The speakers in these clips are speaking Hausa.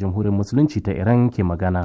jamhuriyar musulunci ta iran ke magana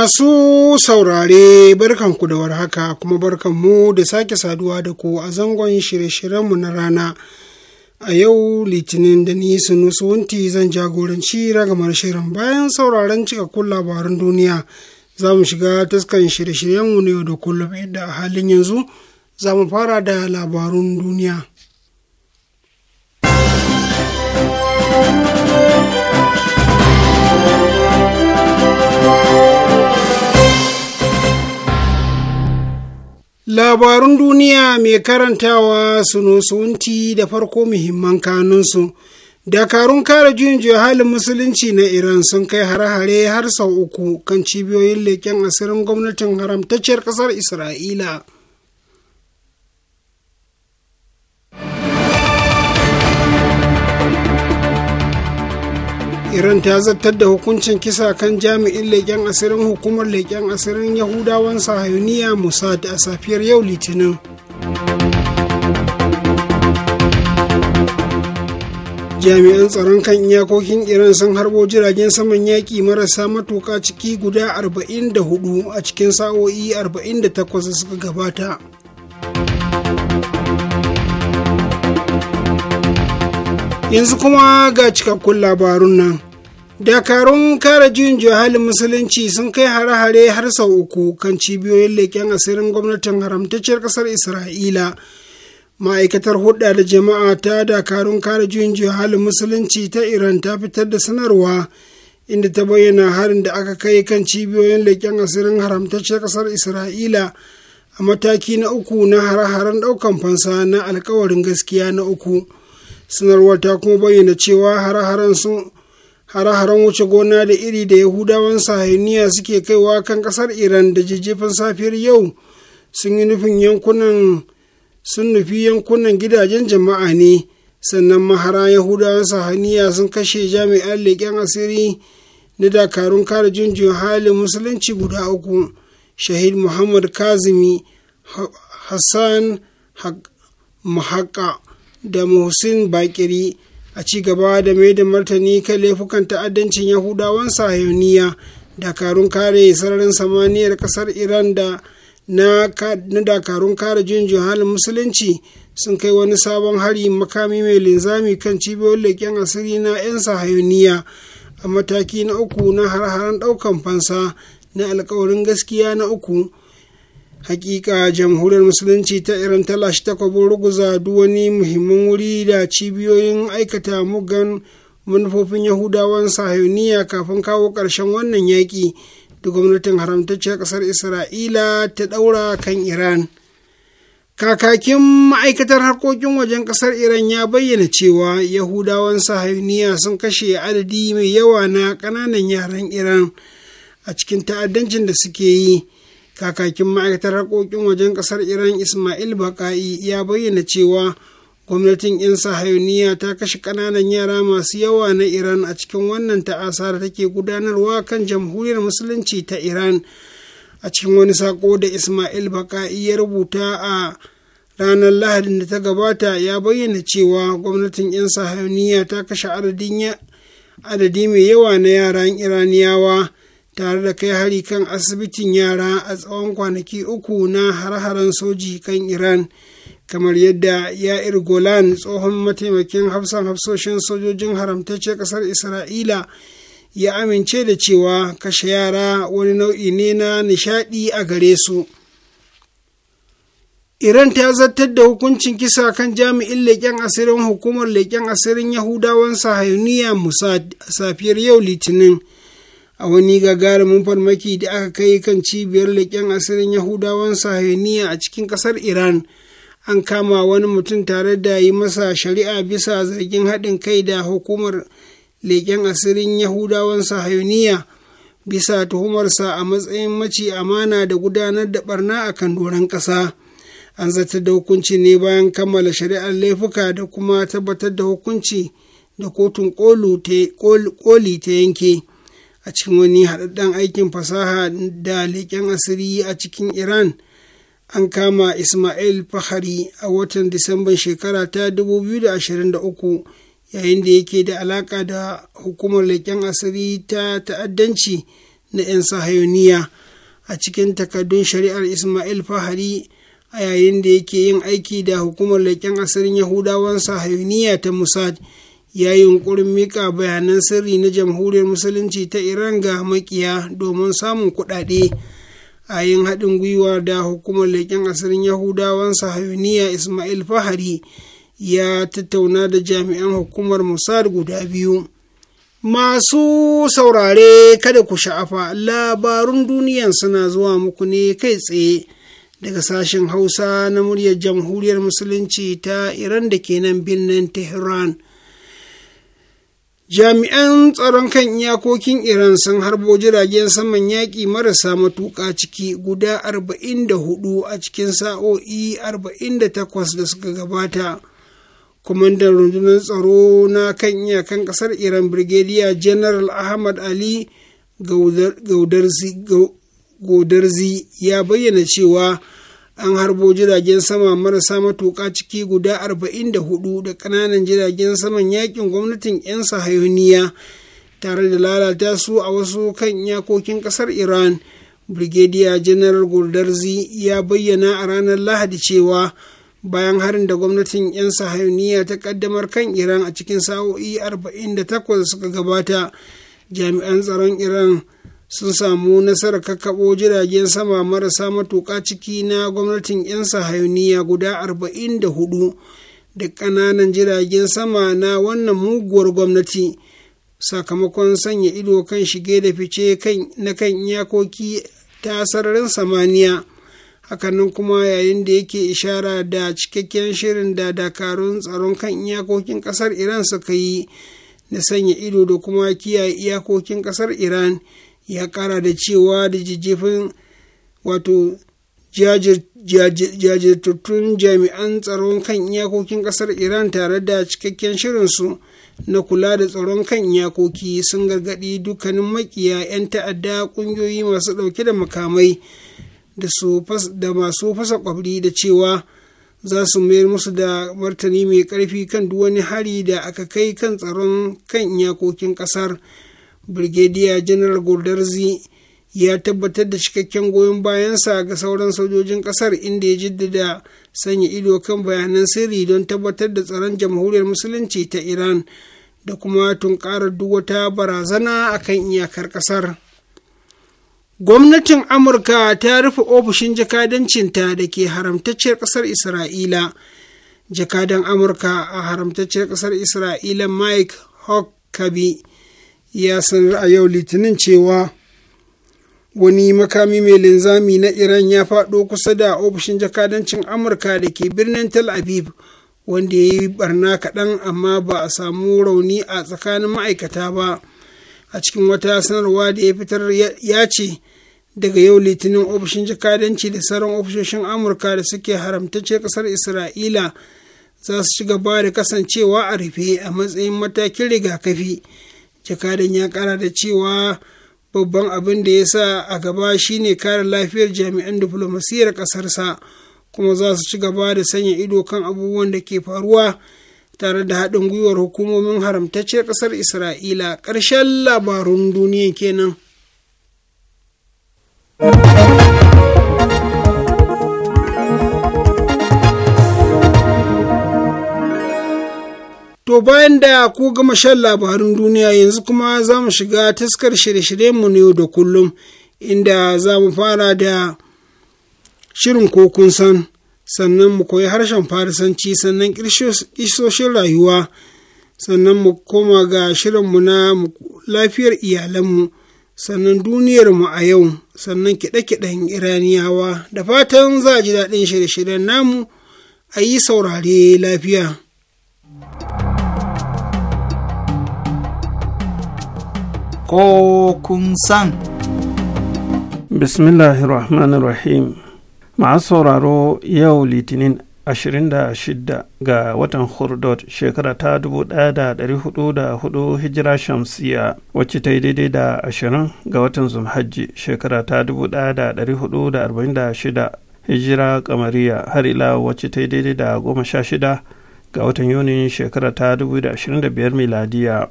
Masu saurare barkanku da warhaka kuma barkanmu da sake saduwa da ku a zangon shirye-shiryenmu na rana. A yau Litinin da ni wunti zan jagoranci ragamar shirin bayan sauraron cikakkun labarun duniya za mu shiga taskan shirye-shiryenmu na yau da kullum inda a halin yanzu za mu fara da labarun duniya. thank you Labarun duniya mai karantawa sunusunti da farko muhimman kanunsu. Dakarun kare juyin halin musulunci na Iran sun kai hare-hare har sau uku kan cibiyoyin leƙen asirin gwamnatin haramtacciyar ƙasar Isra'ila. iran ta zartar da hukuncin kisa kan jami'in leƙen asirin hukumar leƙen asirin yahudawan sahayuniya musad a safiyar yau litinin jami'an tsaron kan iyakokin iran sun harbo jiragen saman yaƙi marasa matuƙa ciki guda 44 a cikin sa'o'i 48 da suka gabata yanzu kuma ga cikakkun labarun nan dakarun kare juyin juhalin musulunci sun kai hare-hare har sau uku kan cibiyoyin leƙen asirin gwamnatin haramtacciyar ƙasar isra'ila ma'aikatar hudda da jama'a ta dakarun kare juyin juhalin musulunci ta iran ta fitar da sanarwa inda ta bayyana harin da aka kai kan cibiyoyin leƙen asirin haramtacciyar ƙasar isra'ila a mataki na uku na hare-haren ɗaukan fansa na alkawarin gaskiya na uku. sanarwar ta kuma bayyana cewa hare-haren wuce gona da iri da yahudawan sahiniya suke kaiwa kan kasar iran da jijjifin safiyar yau sun yi nufin yankunan sun nufi yankunan gidajen jama'a ne sannan mahara yahudawan sahaniya sun kashe jami'an leƙen asiri na dakarun kare junjin halin musulunci guda uku shahid muhammad kazimi hassan mahaka da muhsin bakiri a ci gaba da mai da martani kan laifukan ta'addancin yahudawan da dakarun kare sararin samaniyar kasar iran da na dakarun kare jinjin halin musulunci sun kai wani sabon hari makami mai linzami kan cibiyoyin leƙen asiri na 'yan sahauniya a mataki na uku na har-haren ɗaukan fansa na alkawarin gaskiya na uku hakika jamhuriyar musulunci ta irin iran ta kwabin ruguza duk wani muhimmin wuri da cibiyoyin aikata mugan manufofin yahudawan sahiyoniya kafin kawo ƙarshen wannan yaƙi da gwamnatin haramtacciyar ƙasar isra'ila ta ɗaura kan iran kakakin ma'aikatar harkokin wajen ƙasar iran ya bayyana cewa yahudawan sahiyoniya sun kashe adadi mai yawa na ƙananan yaran iran a cikin ta'addancin da suke yi kakakin ma'aikatar harkokin wajen ƙasar iran ismail baka'i ya bayyana cewa gwamnatin 'yan sahayuniya ta kashe ƙananan yara masu yawa na iran a cikin wannan ta'asa da take gudanarwa kan jamhuriyar musulunci ta iran a cikin wani sako da ismail baka'i ya rubuta a ranar lahadin da ta gabata ya bayyana cewa gwamnatin 'yan sahayuniya ta kashe adadi mai yawa na yaran iraniyawa tare da kai hari kan asibitin yara a tsawon kwanaki uku na har-haren soji kan iran kamar yadda ya golan tsohon mataimakin hafsan hafsoshin sojojin haramtacce kasar isra'ila ya amince da cewa kashe yara wani nau'i ne na nishadi a gare su iran ta zartar da hukuncin kisa kan jami'in leƙen asirin hukumar leƙen asirin yahudawan sahayuniya musad safiyar yau litinin a wani gagarumin farmaki da aka kai kan cibiyar leƙen asirin yahudawan sahiniya a cikin ƙasar iran an kama wani mutum tare da yi masa shari'a bisa zargin haɗin kai da hukumar leƙen asirin yahudawan sahiniya bisa tuhumarsa a matsayin maci amana da gudanar da barna a kan doron ƙasa an zata da hukunci ne bayan kammala shari'ar laifuka da kuma tabbatar da hukunci da kotun koli ta yanke a cikin wani haɗaɗɗen aikin fasaha da leƙen asiri a cikin iran an kama ismail fahari a watan disamban shekara ta 2023 yayin da yake da alaƙa da hukumar leƙen asiri ta ta'addanci na 'yan sahayoniya a cikin takardun shari'ar ismail fahari a yayin da yake yin aiki da hukumar leƙen asirin yahudawan sahayoniya ta musad ya yi yunkurin mika bayanan sirri na jamhuriyar musulunci ta iran ga makiya domin samun kuɗaɗe a yin haɗin gwiwa da hukumar leƙen asirin yahudawan sahayuniya ismail fahari ya tattauna da jami'an hukumar musad guda biyu masu saurare kada ku sha'afa labarun duniyan suna zuwa muku ne kai tsaye daga sashen hausa na muryar jamhuriyar musulunci ta iran da kenan birnin tehran jami'an tsaron kan iyakokin iran sun harbo jiragen saman yaƙi marasa matuƙa ciki guda 44 a cikin sa'o'i 48 da suka gabata kwamandan rundunar tsaro na kan iyakan ƙasar iran brigadier general ahmad ali gaudarzi ya bayyana cewa an harbo jiragen sama marasa matuƙa ciki guda arba'in da hudu da ƙananan jiragen saman yakin gwamnatin 'yan sahayoniya tare da lalata su a wasu kan yakokin ƙasar iran brigadier general gurdarzi ya bayyana a ranar lahadi cewa bayan harin da gwamnatin 'yan sahayoniya ta ƙaddamar kan iran a cikin sa'o'i 48 suka gabata jami'an tsaron iran sun samu nasarar kakkaɓo jiragen sama marasa matuƙa ciki na gwamnatin 'yan sahayuniya guda 44 da ƙananan jiragen sama na wannan muguwar gwamnati sakamakon sanya ido kan shige da fice na kan iyakoki ta sararin samaniya hakanan kuma yayin da yake ishara da cikakken shirin da dakarun tsaron kan iyakokin kasar iran suka yi na sanya ido da kuma kiyaye iyakokin kasar iran ya kara da cewa da jijjifin wato jajirtattun jami'an tsaron kan iyakokin kasar iran tare da cikakken shirinsu na kula da tsaron kan iyakoki sun gargaɗi dukkanin makiya 'yan ta'adda ƙungiyoyi masu ɗauke da makamai da masu fasa ƙwabri da cewa za su mayar musu da martani mai ƙarfi kan duk wani hari da aka kai kan tsaron kan iyakokin ƙasar. Brigadier General Goldarzi ya tabbatar da cikakken goyon bayansa ga sauran sojojin kasar inda ya jiddada sanya ido kan bayanan sirri don tabbatar da tsaron jamhuriyar musulunci ta Iran da kuma tunkarar duk wata barazana a kan iyakar kasar. Gwamnatin Amurka ta rufe ofishin jakadancinta da ke haramtacciyar kasar Isra'ila. Jakadan Amurka a haramtacciyar kasar Isra'ila Mike Huckabee ya sanar a yau litinin cewa wani makami mai linzami na iran ya faɗo kusa da ofishin jakadancin amurka da ke birnin tel aviv wanda ya yi barna kaɗan amma ba a samu rauni a tsakanin ma'aikata ba a cikin wata sanarwa da ya fitar ya ce daga yau litinin ofishin jakadanci da sauran ofishoshin amurka da suke haramtacce ƙasar isra'ila za su ci gaba da kasancewa a rufe a matsayin matakin rigakafi. jakadan ya kara da cewa babban abin da ya sa a gaba shine kare lafiyar jami'an diflomasiyar ƙasarsa kuma za su ci gaba da sanya ido kan abubuwan da ke faruwa tare da haɗin gwiwar hukumomin haramtacciyar ƙasar isra'ila ƙarshen labarun duniya kenan. To bayan da ku gama shan labarin duniya yanzu kuma za mu shiga taskar shirye-shiryenmu na yau da kullum inda za mu fara da shirin kokunsan san sannan mu koyi harshen farisanci sannan ƙisoshin rayuwa sannan mu koma ga shirinmu na lafiyar iyalanmu sannan duniyarmu a yau sannan kiɗe-kiɗen iraniyawa da fatan za a ji daɗin shirye-shiryen namu a yi saurare lafiya. ko kun san. Bismillahirrahmanirrahim. Masu sauraro yau Litinin 26 ga watan Hurdot shekara ta 1404 hijira shamsiya wacce ta yi daidai da 20 ga watan Zumhajji shekara ta 1446 hijira kamariya har ila wacce ta yi daidai da 16 ga watan Yunin shekara ta 2025 miladiya.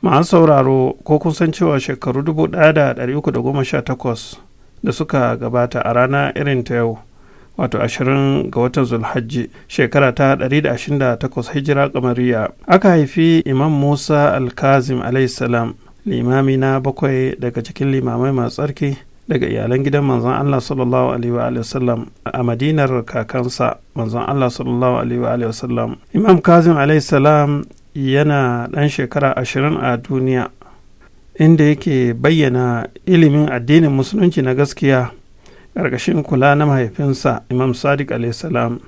Ma'an sauraro ko kun san cewa shekaru 1318 da suka gabata a rana irin ta yau wato 20 ga watan zulhajji shekara ta 128 hijira kamariya aka haifi imam musa alkazim salam limami na bakwai daga cikin limamai masu tsarki daga iyalan gidan manzon allah sallallahu alaihi wa sallam a madinar kakansa manzon allah sallallahu alaihi wa sallam imam kazim salam yana ɗan shekara ashirin a duniya inda yake bayyana ilimin addinin musulunci na gaskiya ƙarƙashin kula na mahaifinsa imam sadiq salam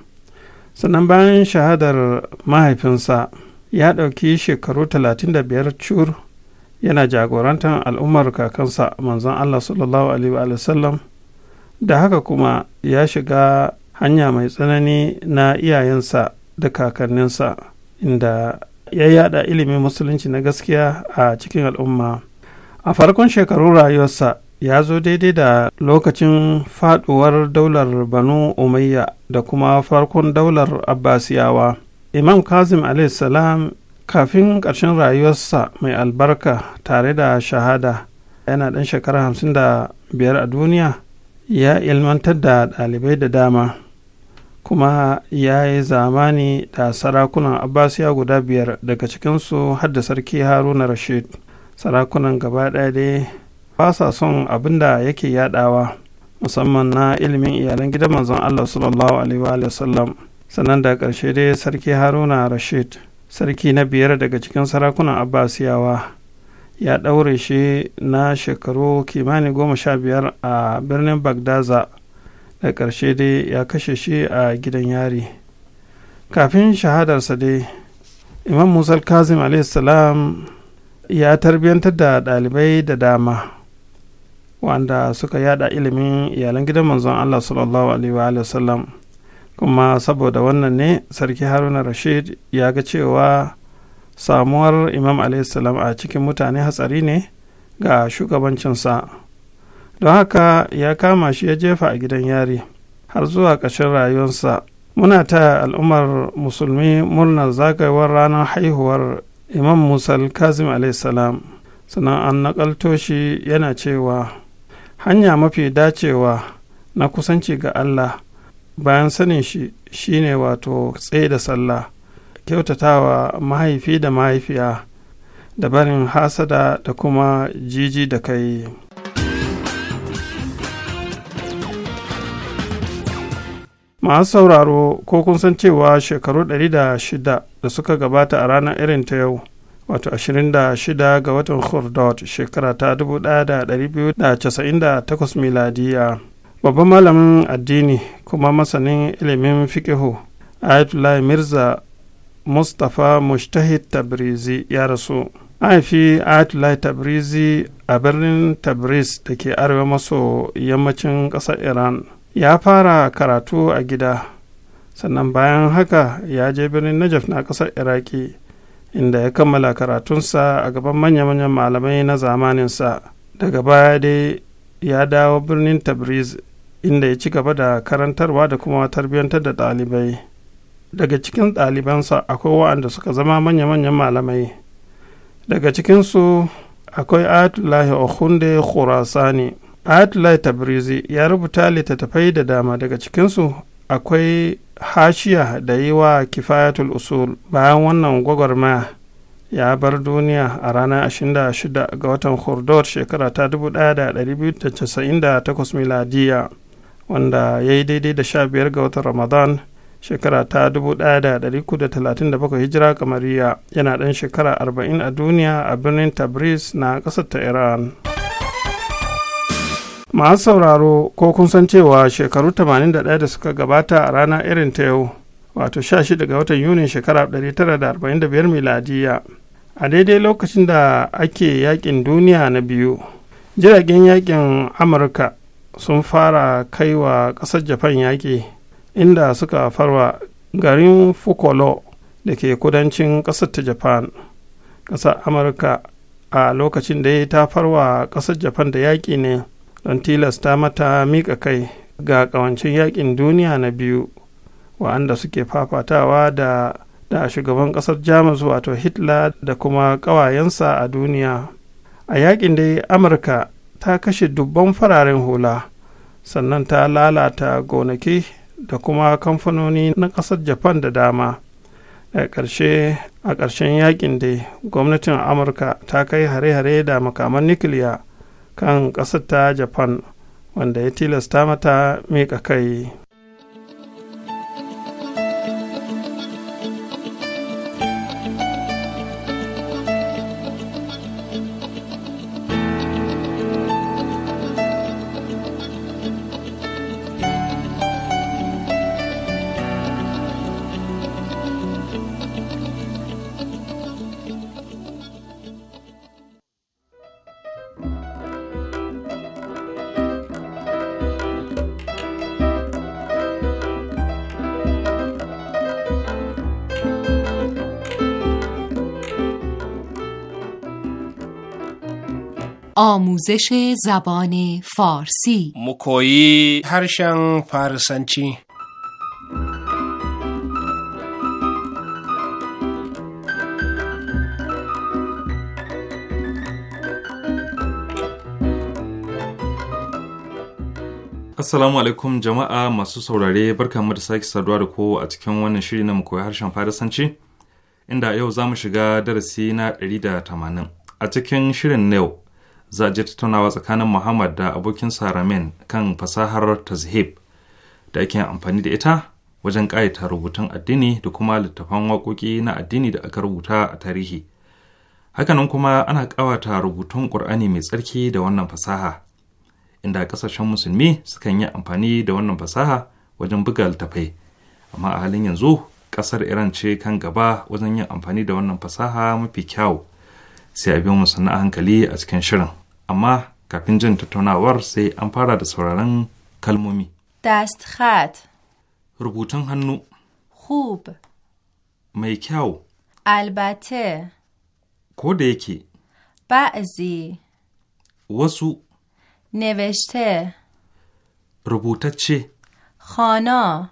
sannan bayan shahadar mahaifinsa ya ɗauki shekaru 35 cur yana jagorantar al'ummar kakansa manzon allah sallallahu alaihi wa sallam da haka kuma ya shiga hanya mai tsanani na iyayensa da kakanninsa inda ya yada ilimin musulunci na gaskiya a cikin al'umma a farkon shekarun rayuwarsa ya zo daidai da lokacin faduwar daular banu umayya da kuma farkon daular abbasiyawa imam kazim salam kafin ƙarshen rayuwarsa mai albarka tare da shahada yana ɗan shekara 55 a duniya ya ilmantar da ɗalibai da dama kuma ya yi zamani da sarakunan abbasiya guda biyar daga cikinsu hadda sarki haruna rashid sarakunan gaba ɗaya dai ba sa son abin da yake yaɗawa musamman na ilimin iyalan gidan manzon allah sallallahu alaihi wa sannan da ƙarshe dai sarki haruna rashid sarki na biyar daga cikin sarakunan abbasiyawa ya ɗaure shi na shekaru kimanin goma sha biyar a birnin bagdaza da ƙarshe dai ya kashe shi a gidan yari kafin shahadarsa dai imam musal kazim salam ya tarbiyantar da ɗalibai da dama wanda suka yada ilimin iyalan gidan manzon allah sallallahu alaihi wa kuma saboda wannan ne sarki haruna rashid ya ga cewa samuwar imam salam a cikin mutane hatsari ne ga shugabancinsa. don haka ya kama shi ya jefa a gidan yari har zuwa ƙashin rayuwarsa muna ta al'ummar musulmi murnar zagayowar ranar haihuwar imam musal kazim salam sannan an naƙalto shi yana cewa hanya mafi dacewa na kusanci ga allah bayan sanin shi shine wato tsaye da sallah kyautatawa mahaifi da mahaifiya da barin hasada da kuma jiji da kai masu sauraro ko kun san cewa shekaru 106 da suka gabata a ranar irin ta yau wato 26 ga watan hurdot shekara ta 1298 miladiya babban malamin addini kuma masanin ilimin fikihu ayatollah mirza mustapha mushtahid tabrizi ya rasu haifi ayatollah tabrizi a birnin tabriz da ke arewa maso yammacin ƙasar iran ya fara karatu a gida sannan bayan haka ya je birnin najaf na ƙasar iraki inda ya kammala karatunsa a gaban manya-manyan malamai na zamaninsa daga baya dai ya dawo birnin tabriz inda ya ci gaba da karantarwa da kuma tarbiyyantar da ɗalibai daga cikin ɗalibansa akwai wa'anda suka zama manya-manyan malamai daga cikinsu akwai ayatullahi okunde khurasani Adlai Tabrizi ya rubuta littattafai da dama daga cikinsu akwai hashiya da yi wa kifayatul usul bayan wannan gwagwarmaya ya bar duniya a ranar 26 ga watan hurdor shekara ta 1298 miladiya wanda ya yi daidai da 15 ga watan ramadan shekara ta 1337 hijira kamariya yana ɗan shekara 40 a duniya a birnin tabriz na ƙasar ta iran. masu sauraro ko kun san cewa shekaru 81 da suka gabata a rana irin ta yau wato 16 ga watan yunin shekarar 1945 miladiya a daidai lokacin da ake yakin duniya na biyu jiragen yakin amurka sun fara kai wa ƙasar japan yaki inda suka farwa garin fukolo da ke kudancin ƙasar ta japan ƙasar amurka a lokacin da ya ta farwa ƙasar japan da yaƙi ne don tilasta mata miƙa kai ga ƙawancin yakin duniya na biyu wa'anda suke fafatawa da da shugaban ƙasar jamus wato hitler da kuma ƙawayensa a duniya a yaƙin dai amurka ta kashe dubban fararen hula sannan ta lalata gonaki da kuma kamfanoni na ƙasar japan da dama a ƙarshe a ƙarshen yakin dai gwamnatin amurka ta kai hare-hare da makaman nukiliya kan ƙasar ta japan wanda ya tilasta mata miƙa kai آموزش زبان فارسی مکوی هرشن فارسنچی Assalamu alaikum jama'a masu saurare barka mu da sake saduwa da ko a cikin wannan shiri na koyi harshen Farisanci inda yau za mu shiga darasi na 180 a cikin shirin na yau za a ji tattaunawa tsakanin muhammad da abokin Saramin kan fasahar tazhib da ake amfani da ita wajen ƙayata rubutun addini da kuma littafan waƙoƙi na addini da aka rubuta a tarihi hakanan kuma ana ƙawata rubutun ƙur'ani mai tsarki da wannan fasaha inda ƙasashen musulmi sukan yi amfani da wannan fasaha wajen buga littafai amma a halin yanzu ƙasar iran ce kan gaba wajen yin amfani da wannan fasaha mafi kyau sai a biyo mu sannan hankali a cikin shirin Amma kafin jin tattaunawar sai an fara da sauraron kalmomi. Das hat. rubutun hannu Hub. mai kyau albate ko da yake Ba'azi. wasu Neveshte. rubutacce Khana.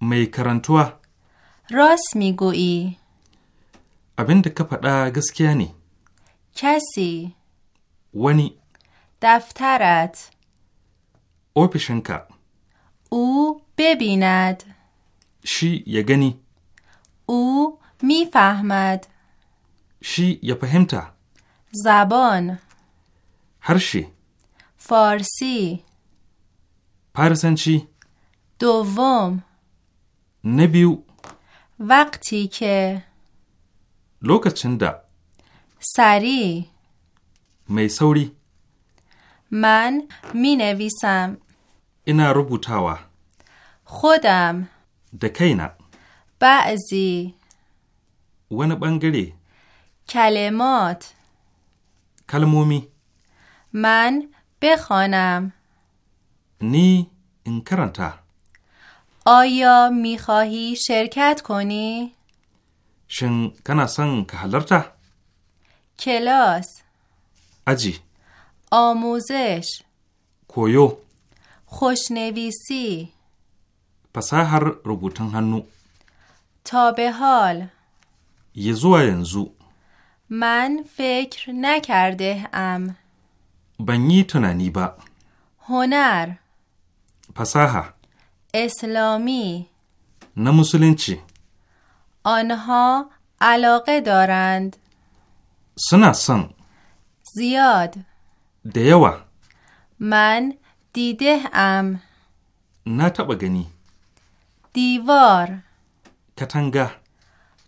mai karantuwa راست migo'i. abin da ka faɗa gaskiya ne. Kasi. ونی دفترت پیشنکا او ببیند شی یگنی او میفهمد شی یفهمتا زبان هرشی فارسی پارسنچی دوم نبیو وقتی که لوکچن دا سریع می سوری من می نویسم اینا روبوتاوا خودم دکینا بعضی ون بنگری کلمات کلمومی من بخوانم نی این آیا می خواهی شرکت کنی؟ شن کنا سن که کلاس اجی آموزش کویو خوشنویسی هر روبوتن هنو تا به حال یزو ینزو من فکر نکرده ام بنی تنانی با هنر پساها اسلامی نه چی؟ آنها علاقه دارند سنه سن زیاد دیوه من دیده ام نتبا گنی دیوار کتنگه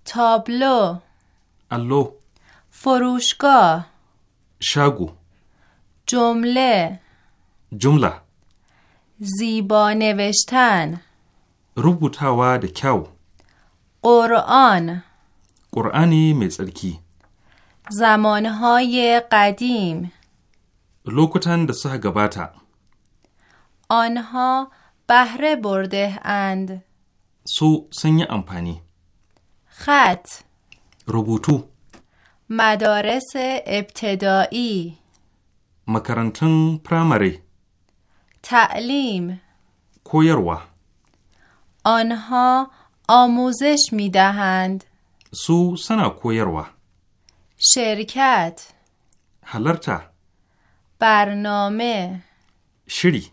تابلو الو فروشگاه شاگو جمله جمله زیبا نوشتن روبوتاوا دکاو قرآن قرآنی میزرکی زمانهای قدیم لوکتن ده سه گباتا آنها بهره برده اند سو سنی امپانی خط روبوتو مدارس ابتدایی مکرانتن پرامری تعلیم کویروا آنها آموزش می دهند سو سنا کویروا شرکت حلرتا برنامه شری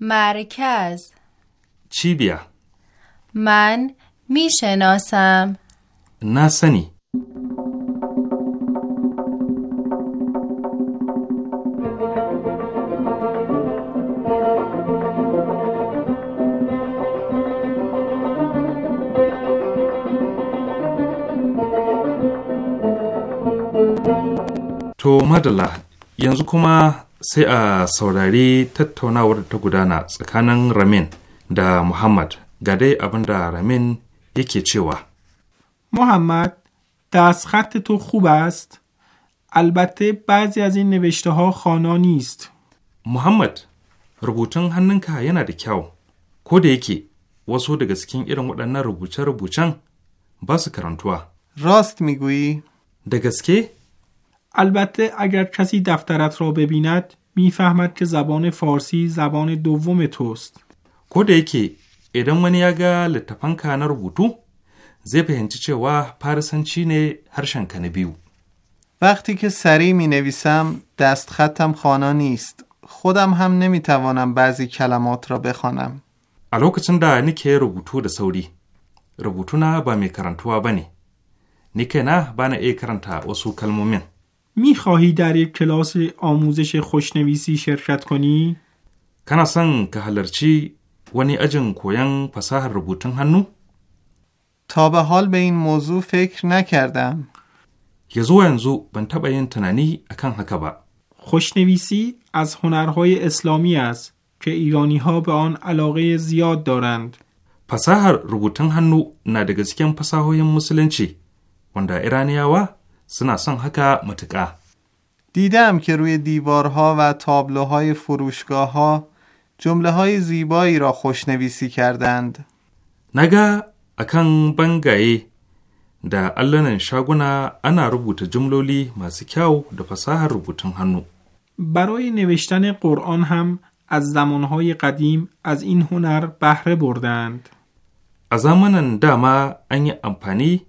مرکز چی بیا من میشناسم نسنی To madalla yanzu kuma sai a saurari tattaunawar ta gudana tsakanin Ramin da Muhammad ga dai abin da Ramin yake cewa. Muhammad, das خط تو خوب است. البته بعضی از این نوشته ها خوانا نیست. rubutun hannunka yana da kyau, ko da yake wasu daga cikin irin waɗannan rubuce-rubucen ba su karantuwa. Rost miguyi. Da gaske? البته اگر کسی دفترت را ببیند میفهمد که زبان فارسی زبان دوم توست کده که ادن ونی یاگا لتفنکا نا روبوتو زی فهمچی چوا نه هرشنکا نه بیو وقتی که سریع می نویسم دست خطم خانا نیست خودم هم نمی توانم بعضی کلمات را بخوانم. الو کچن دا که روبوتو دا سوری روبوتو نه با می کرنتوا بانی نی که نا ای کرنتا کلمومین میخواهی در یک کلاس آموزش خوشنویسی شرکت کنی؟ کنا سن که هلرچی ونی اجن کوین پساه روبوتن هنو؟ تا به حال به این موضوع فکر نکردم. یزو انزو بن تبا ین تنانی اکن هکبا. خوشنویسی از هنرهای اسلامی است که ایرانی ها به آن علاقه زیاد دارند. پساه روبوتن هنو ندگزکن پساه های مسلنچی. ونده ایرانی ها سنا سن متکا دیدم که روی دیوارها و تابلوهای فروشگاه ها جمله های زیبایی را خوشنویسی کردند. نگا اکن بنگای دا اللنن شاگونا انا ربوت جملولی و دا فساها ربوتن هنو. برای نوشتن قرآن هم از زمانهای قدیم از این هنر بهره بردند. از زمان داما انی امپانی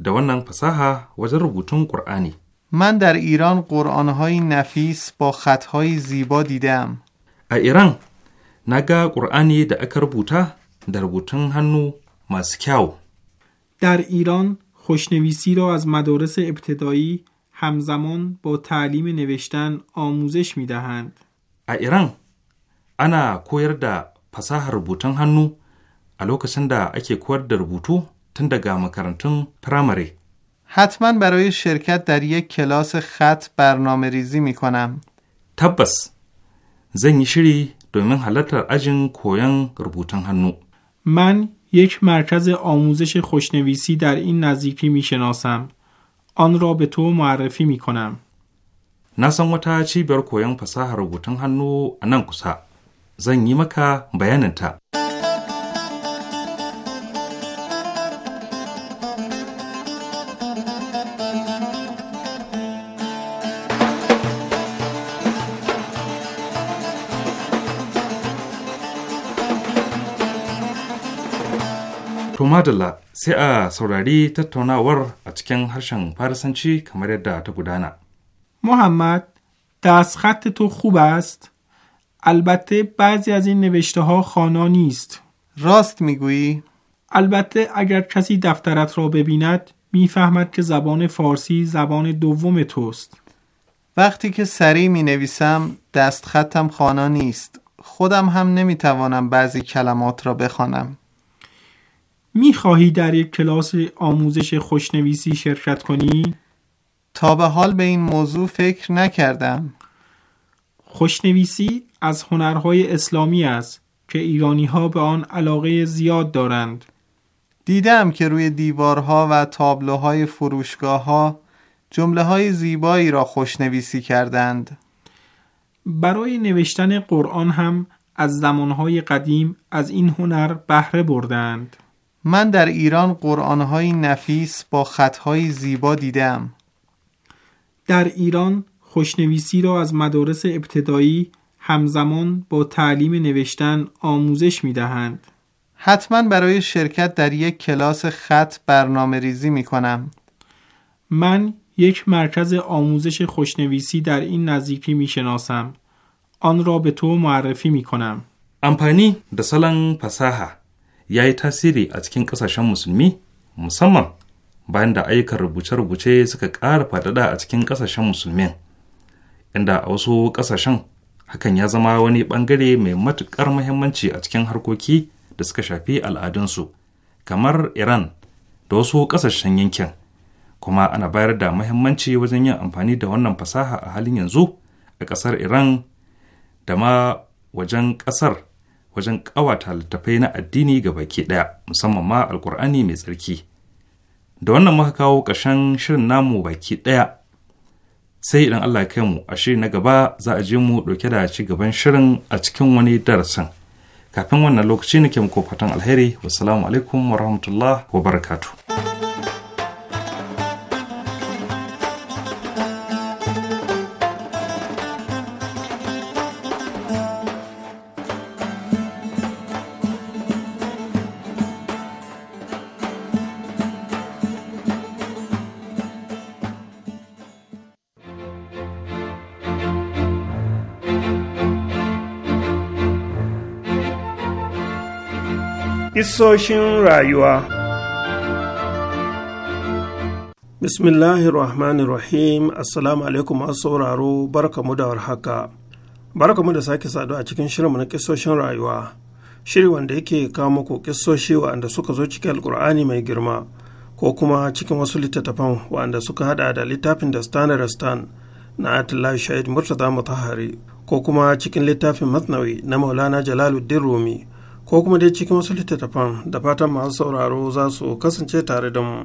da پسها fasaha wajen قرآنی من در ایران قرآن های نفیس با خط های زیبا دیدم. ایران نگا قرآنی دا اکر بوتا در روبوتون هنو مزکیاو. در ایران خوشنویسی را از مدارس ابتدایی همزمان با تعلیم نوشتن آموزش میدهند. دهند. ایران انا کویر دا پساه ربوتن هنو الوکسن دا اکی کویر در ربوتو تن دگا پرامری. حتما برای شرکت در یک کلاس خط برنامه ریزی می کنم. تبس زن شری دومین حالت اجن کویان ربوتن هنو من یک مرکز آموزش خوشنویسی در این نزدیکی می شناسم. آن را به تو معرفی می کنم. نسان تا چی بر کویان پسه ربوتن هنو انان کسا. زن مکه بیانن تا. sai a saurari tattaunawar cikin harshen محمد دست خط تو خوب است البته بعضی از این نوشته ها خانا نیست راست میگویی البته اگر کسی دفترت را ببیند میفهمد که زبان فارسی زبان دوم توست وقتی که سریع می نویسم دست خطم خانا نیست خودم هم نمیتوانم بعضی کلمات را بخوانم میخواهی در یک کلاس آموزش خوشنویسی شرکت کنی؟ تا به حال به این موضوع فکر نکردم خوشنویسی از هنرهای اسلامی است که ایرانی ها به آن علاقه زیاد دارند دیدم که روی دیوارها و تابلوهای فروشگاه ها جمله های زیبایی را خوشنویسی کردند برای نوشتن قرآن هم از زمانهای قدیم از این هنر بهره بردند من در ایران های نفیس با های زیبا دیدم در ایران خوشنویسی را از مدارس ابتدایی همزمان با تعلیم نوشتن آموزش می دهند. حتما برای شرکت در یک کلاس خط برنامه ریزی می کنم. من یک مرکز آموزش خوشنویسی در این نزدیکی می شناسم. آن را به تو معرفی می کنم. امپانی دسالن پساها. ya yi tasiri a cikin ƙasashen musulmi musamman bayan da ayyukan rubuce-rubuce suka ƙara faɗaɗa a cikin ƙasashen musulmin inda a wasu ƙasashen hakan ya zama wani ɓangare mai matuƙar muhimmanci a cikin harkoki da suka shafi al'adunsu kamar iran da wasu ƙasashen yankin kuma ana bayar da muhimmanci wajen yin amfani da wannan fasaha a halin yanzu a ƙasar iran da ma wajen ƙasar wajen kawata littattafai na addini ga baki ɗaya musamman ma alkur'ani mai tsarki da wannan muka kawo ƙarshen shirin namu baki ɗaya sai idan allah ya kai mu a shiri na gaba za a je mu ɗauke da ci gaban shirin a cikin wani darasin kafin wannan lokaci nake muku fatan alheri Wasalamu alaikum wa rahmatullah wa barakatu. Isoshin rayuwa Bismillahirrahmanirrahim Assalamu alaikum masu sauraro barkamu da warhaka. Barkamu da sake sadu a cikin shirinmu na kisoshin rayuwa. Shiri wanda yake kawo muku kisoshi waɗanda suka zo cikin Alkur'ani mai girma ko kuma cikin wasu littattafan waɗanda suka hada da littafin da standard stand na Atila Shahid Murtaza Mutahari ko kuma cikin littafin Masnawi na Maulana Jalaluddin Rumi. ko kuma dai cikin wasu littattafan da fatan masu sauraro za su kasance tare da mu.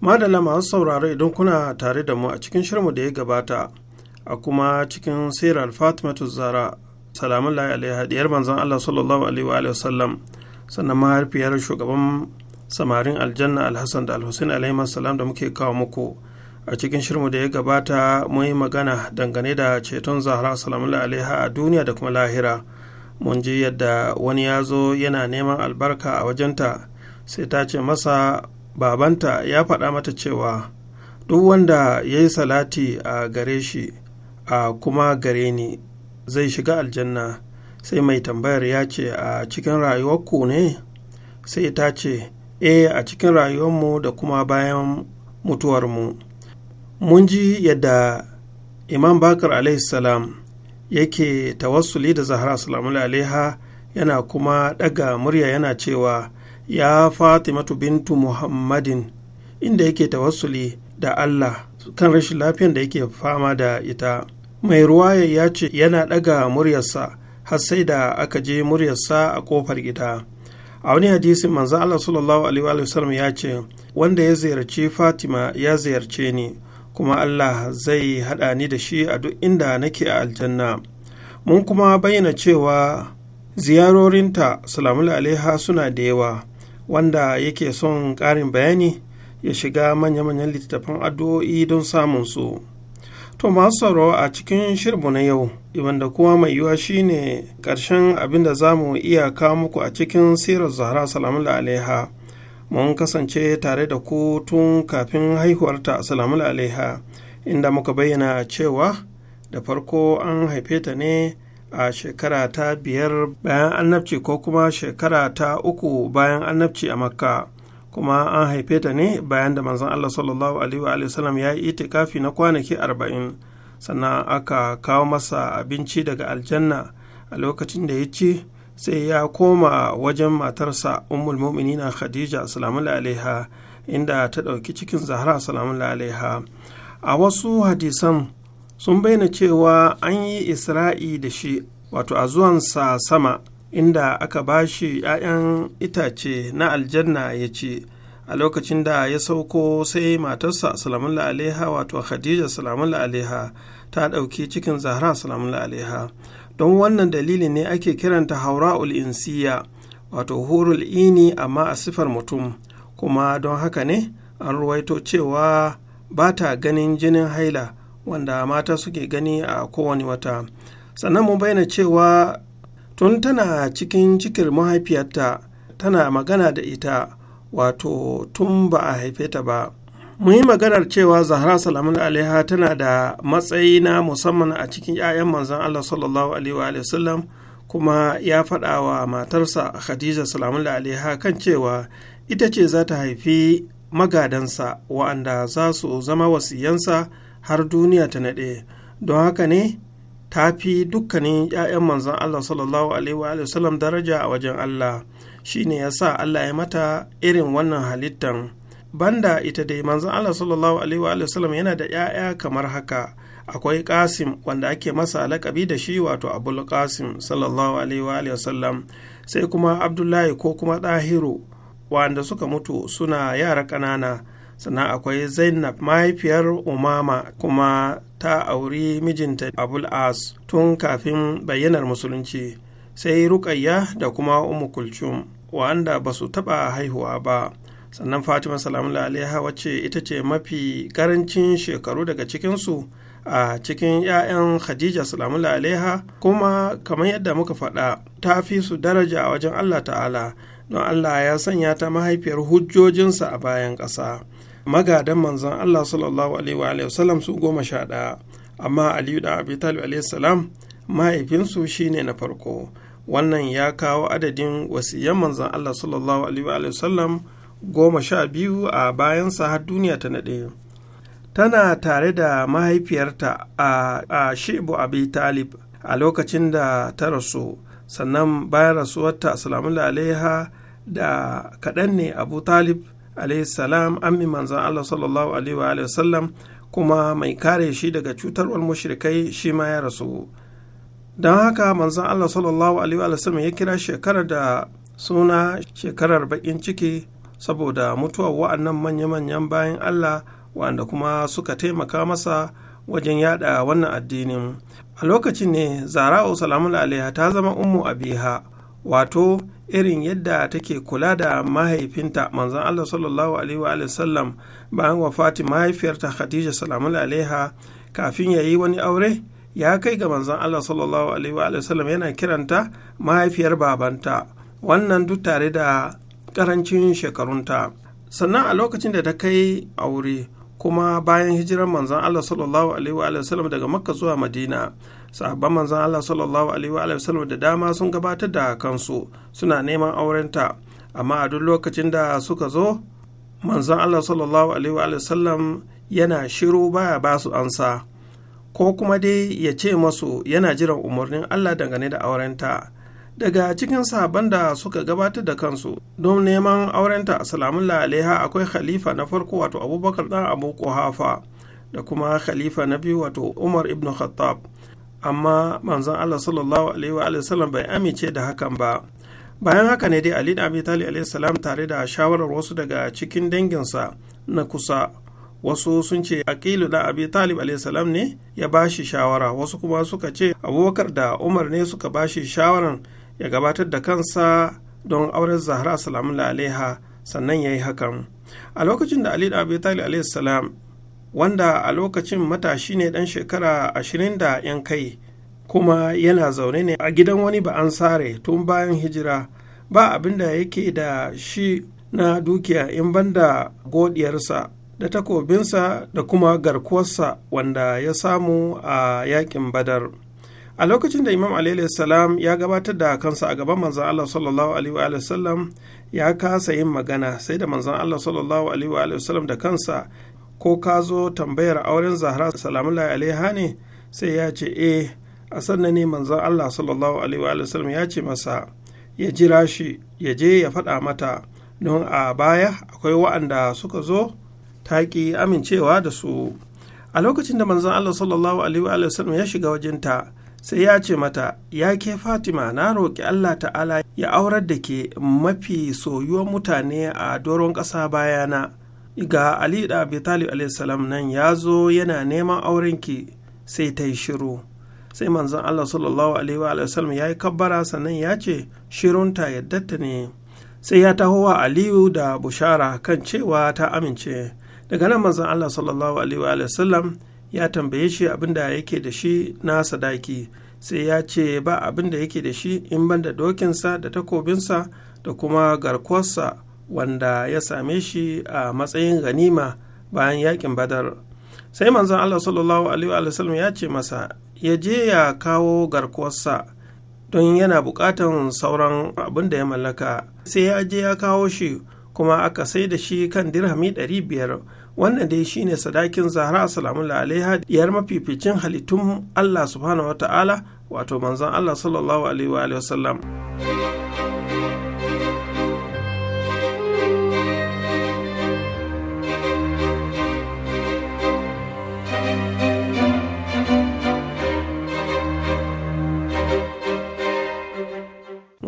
Madalla masu sauraro idan kuna tare da mu a cikin shirmu da ya gabata a kuma cikin sirar Fatimatu Zara salamun alaiha diyar manzon Allah sallallahu alaihi wa sallam sannan mahaifiyar shugaban samarin aljanna alhassan da alhussein alaihi salam da muke kawo muku a cikin shirmu da ya gabata mun yi magana dangane da ceton zahra salamun alaiha a duniya da kuma lahira mun ji yadda wani ya zo yana neman albarka a wajenta sai ta ce masa babanta ya faɗa mata cewa duk wanda ya yi salati a gare shi a kuma gare ni zai shiga aljanna sai mai tambayar ya ce a cikin rayuwarku ne sai ta ce e a cikin rayuwarmu da kuma bayan mutuwarmu mun ji yadda imam bakar salam yake tawassuli da zahra salamun alaiha yana kuma ɗaga murya yana cewa ya fatimatu bintu muhammadin inda yake tawassuli da allah kan rashin lafiyan da yake fama da ita mai ruwa ya ce yana ɗaga muryarsa har sai da aka je muryarsa a ƙofar gida a wani hadisin manzo Allah sallallahu alaihi wa sallam ya ce wanda ya ziyarci Fatima ya ziyarce ni kuma Allah zai haɗa ni da shi a duk inda nake a aljanna mun kuma bayyana cewa ziyarorinta salamu alaiha suna da yawa wanda yake son ƙarin bayani ya shiga manya-manyan littattafan addu'o'i don samun su. To masu sauraro a cikin shirbu na yau, wanda kuma mai yiwuwa shine ƙarshen abin da za mu iya kawo muku a cikin sirar Zahra salamu alaiha. Mun kasance tare da ku tun kafin haihuwarta salamu alaiha, inda muka bayyana cewa da farko an haife ta ne a shekara ta biyar bayan annabci ko kuma shekara ta uku bayan annabci a Makka. kuma an haife ta ne bayan da manzon Allah sallallahu alaihi ya yi itikafi na kwanaki arba'in sannan aka kawo masa abinci daga aljanna a lokacin da ya ci sai ya koma wajen matarsa ummul mu'minina khadija salamun alaiha inda ta ɗauki cikin zahra salamun alaiha a wasu hadisan sun bayyana cewa an yi isra'i da shi wato a zuwansa sama inda aka ba shi ‘ya'yan itace na aljanna ya ce a lokacin da ya sauko sai matarsa salamun alaiha wato khadija salamun alaiha ta ɗauki cikin zahra salamun alaiha don wannan dalili ne ake kiranta haura'ul insiya wato hurul ini amma a sifar mutum kuma don haka ne an ruwaito cewa ba ta ganin jinin haila wanda mata suke gani a kowane wata sannan mu bayyana cewa tun tana cikin cikin mahaifiyarta tana magana da ita wato tun ba a haife ta ba yi maganar cewa zahra salamun alaiha tana da matsayi na musamman a cikin 'ya'yan manzan allah sallallahu alaihi wa sallam kuma ya faɗa wa matarsa khadija salamun alaiha kan cewa ita ce za ta haifi magadansa wa'anda za su zama wasiyansa har duniya ta naɗe don haka ne ta fi dukkanin 'ya'yan manzan Allah sallallahu alaihi wa sallam daraja a wajen Allah shine ya sa Allah ya mata irin wannan halittan banda ita dai manzan Allah sallallahu alaihi wa sallam yana da 'ya'ya kamar haka akwai Qasim wanda ake masa lakabi da shi wato Abul Qasim sallallahu alaihi wa sai kuma Abdullahi ko kuma Dahiru wanda suka mutu suna yara ƙanana sannan akwai Zainab mahaifiyar Umama kuma ta auri mijinta abul as tun kafin bayyanar musulunci sai rukayya da kuma umu kulcum wanda ba su taɓa haihuwa ba sannan fatima salamu alaiha wacce ita ce mafi karancin shekaru daga cikinsu a cikin 'ya'yan khadija salamu alaiha kuma kamar yadda muka faɗa ta fi su daraja a wajen allah ta'ala don allah ya sanya ta mahaifiyar hujjojinsa a bayan ƙasa magadan manzon Allah sallallahu alaihi wasallam su goma sha amma Aliyu da Abi Talib alaihi salam mahaifinsu shine na farko wannan ya kawo adadin wasiyan manzon Allah sallallahu alaihi goma sha biyu a bayansa har duniya ta naɗe tana tare da mahaifiyarta a, a shebu abi talib a lokacin da ta rasu sannan bayan rasuwarta Salamun alaiha da kaɗan ne abu talib an bi manzan Allah sallallahu alaihi wa sallam kuma mai kare shi daga cutarwar mushrikai shi ma ya rasu don haka manzan Allah sallallahu alaihi wa sallam ya kira shekarar da suna shekarar bakin ciki saboda mutuwar wa'annan manya-manyan bayan Allah wanda kuma suka taimaka masa wajen yada wannan addinin a lokacin ne zara'u salamun alaiha ta zama ummu abiha wato irin yadda take kula da mahaifinta manzon Allah sallallahu alaihi wa sallam bayan wafatin mahaifiyarta Khadija salamu alaiha kafin ya yi wani aure ya kai ga manzon Allah sallallahu alaihi wa sallam yana kiranta mahaifiyar babanta wannan duk tare da karancin shekarunta sannan a lokacin da ta kai aure kuma bayan hijirar manzon Allah sallallahu alaihi wa sallam daga Makka zuwa Madina sahabban manzan Allah sallallahu alaihi wa sallam da dama sun gabatar da kansu suna neman aurenta amma a duk lokacin da suka zo manzan Allah sallallahu alaihi wa sallam yana shiru baya ba su ansa ko kuma dai ya ce masu yana jiran umarnin Allah dangane da aurenta daga cikin sahabban da suka gabatar da kansu don neman aurenta salamun alaiha akwai khalifa na farko wato abubakar dan abu hafa da kuma khalifa na biyu wato umar ibn khattab amma manzon Allah sallallahu alaihi wa sallam bai amince da hakan ba bayan haka ne dai Ali da Abi Talib alaihi salam tare da shawarar wasu daga cikin danginsa na kusa wasu sun ce aqilu da Abi Talib alaihi salam ne ya bashi shawara wasu kuma suka ce Abubakar da Umar ne suka bashi shawaran ya gabatar da kansa don auren Zahra salamun alaiha sannan yayi hakan a lokacin da Ali da Abi Talib alaihi salam wanda a lokacin matashi ne ɗan shekara ashirin da 'yan kai kuma yana zaune ne a gidan wani ba an sare tun bayan hijira ba abin da yake da shi na dukiya in banda godiyarsa da takobinsa da kuma garkuwarsa wanda ya samu a yakin badar a lokacin da imam salam ya gabatar da kansa a gaban manzan allah sallallahu alaihi wa sallam ya kasa yin magana sai da manzan allah sallallahu alaihi wa sallam da kansa ko ka zo tambayar auren zahra salamullahi alaiha ne sai ya ce eh a sannan ne manzon allah sallallahu alaihi ya ce masa ya jira shi ya je ya faɗa mata don a baya akwai wa'anda suka zo ta taƙi amincewa da su a lokacin da manzon allah sallallahu alaihi ya shiga wajenta sai ya ce mata ya ke fatima na roƙi allah ta'ala ya aurar da ke mafi soyuwar mutane a doron ƙasa bayana ga ali da abi talib salam nan ya zo yana neman aurenki sai ta yi shiru sai manzon allah sallallahu alaihi wa sallam ya yi kabbara sannan ya ce shirunta yaddata ne sai ya taho wa aliyu da bushara kan cewa ta amince daga nan manzon allah sallallahu alaihi wa sallam ya tambaye shi abin da yake da shi na sadaki sai ya ce ba abin da yake da shi in ban da dokinsa da takobinsa da kuma garkuwarsa wanda ya same shi a matsayin ganima bayan yakin badar sai manzon allah sallallahu alaihi ya ce masa ya je ya kawo garkuwarsa don yana bukatan sauran abin da ya mallaka sai ya je ya kawo shi kuma aka sai da shi kan dirhami biyar wannan dai shine sadakin zahra salamullah alaiha diyar mafificin halittun allah subhanahu wata'ala wato manzon allah sallallahu alaihi sallam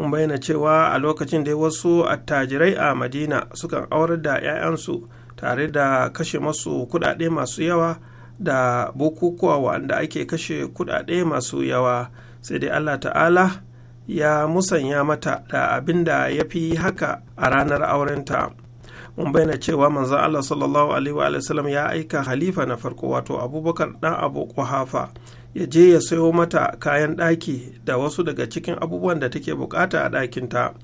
mun bayyana cewa a lokacin da wasu attajirai a madina sukan aurar da 'ya'yansu tare da kashe masu kudade masu yawa da bukukuwa wanda ake kashe kudade masu yawa sai dai allah ta'ala ya musanya mata da abin da ya fi haka a ranar aurenta mun bayyana cewa manzan allah sallallahu alaihi wa sallam ya aika halifa na farko wato abubakar dan abu kuhafa ya je ya sayo mata kayan ɗaki da wasu daga cikin abubuwan da take bukata a ɗakinta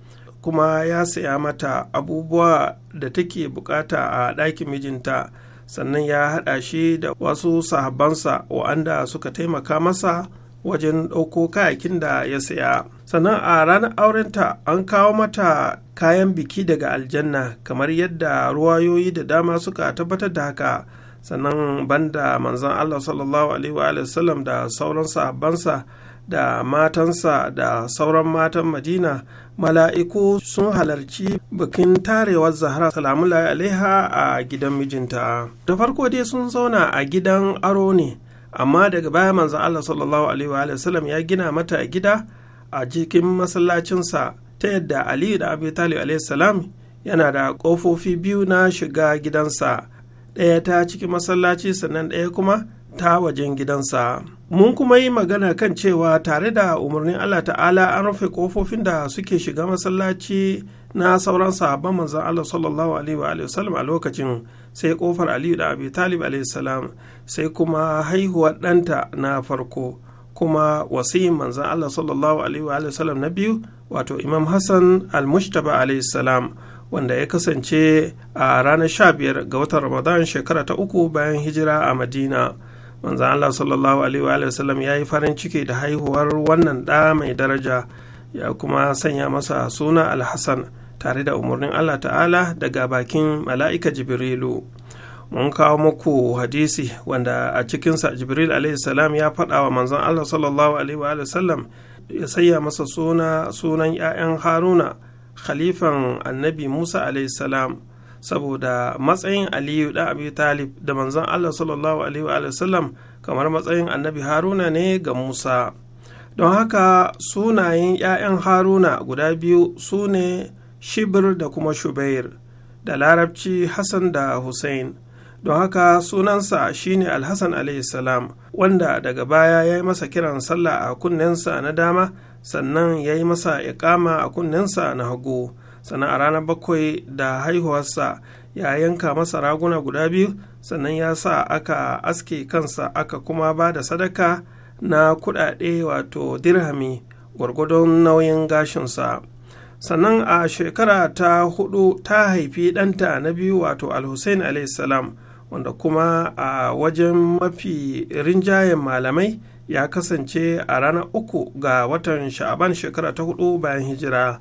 kuma ya saya mata abubuwa da take bukata a ɗakin mijinta sannan ya haɗa shi da wasu sahabbansa wa'anda suka taimaka masa wajen ɗauko kayakin da ya saya sannan a ranar aurenta an kawo mata kayan biki daga aljanna kamar yadda ruwayoyi da dama suka tabbatar da haka sannan banda manzon Allah sallallahu alaihi wa sallam da sauran sahabbansa da matansa da sauran matan Madina mala'iku sun halarci bikin tarewar Zahra salamu alaiha a gidan mijinta da farko dai sun zauna a gidan aro ne amma daga baya manzon Allah sallallahu alaihi wa sallam ya gina mata gida a jikin masallacinsa ta yadda Aliyu da Abi salam yana da ƙofofi biyu na shiga gidansa ɗaya ta ciki masallaci sannan ɗaya kuma ta wajen gidansa mun kuma yi magana kan cewa tare da umarnin allah ta'ala an rufe kofofin da suke shiga masallaci na sauran sahabban manzan allah sallallahu alaihi wa a lokacin sai kofar aliyu da abi talib alaihi salam sai kuma haihuwar ɗanta na farko kuma wasiyin manzan allah sallallahu alaihi wa na biyu wato imam hassan al-mushtaba alaihi salam wanda ya kasance a ranar 15 ga watan ramadan shekara ta uku bayan hijira a madina manzan allah sallallahu alaihi sallam ya yi farin ciki da haihuwar wannan ɗa mai daraja ya kuma sanya masa suna alhassan tare da umarnin allah ta'ala daga bakin mala'ika jibrilu mun kawo muku hadisi wanda a cikinsa jibril alaihi salam ya faɗa wa manzan allah sallallahu alaihi sallam ya sanya masa suna sunan 'ya'yan haruna khalifan annabi musa salam saboda matsayin aliyu da abi talib da manzon allah sallallahu alaihi wa sallam kamar matsayin annabi haruna ne ga musa don haka sunayen 'ya'yan haruna guda biyu su ne shibir da kuma shubair da larabci hassan da hussein don haka sunansa shine alhassan salam wanda daga baya ya yi masa kiran sallah a kunnensa na dama sannan ya yi masa ikama a kunninsa na hagu sannan a ranar bakwai da haihuwarsa ya yanka masa raguna guda biyu sannan ya sa aka aske kansa aka kuma ba da sadaka na kudade wato dirhami gwargwadon nauyin gashinsa sannan a shekara ta hudu ta haifi ɗanta na biyu wato alhussein salam wanda kuma a wajen mafi rinjayen malamai ya kasance a ranar uku ga watan sha'aban shekara ta hudu bayan hijira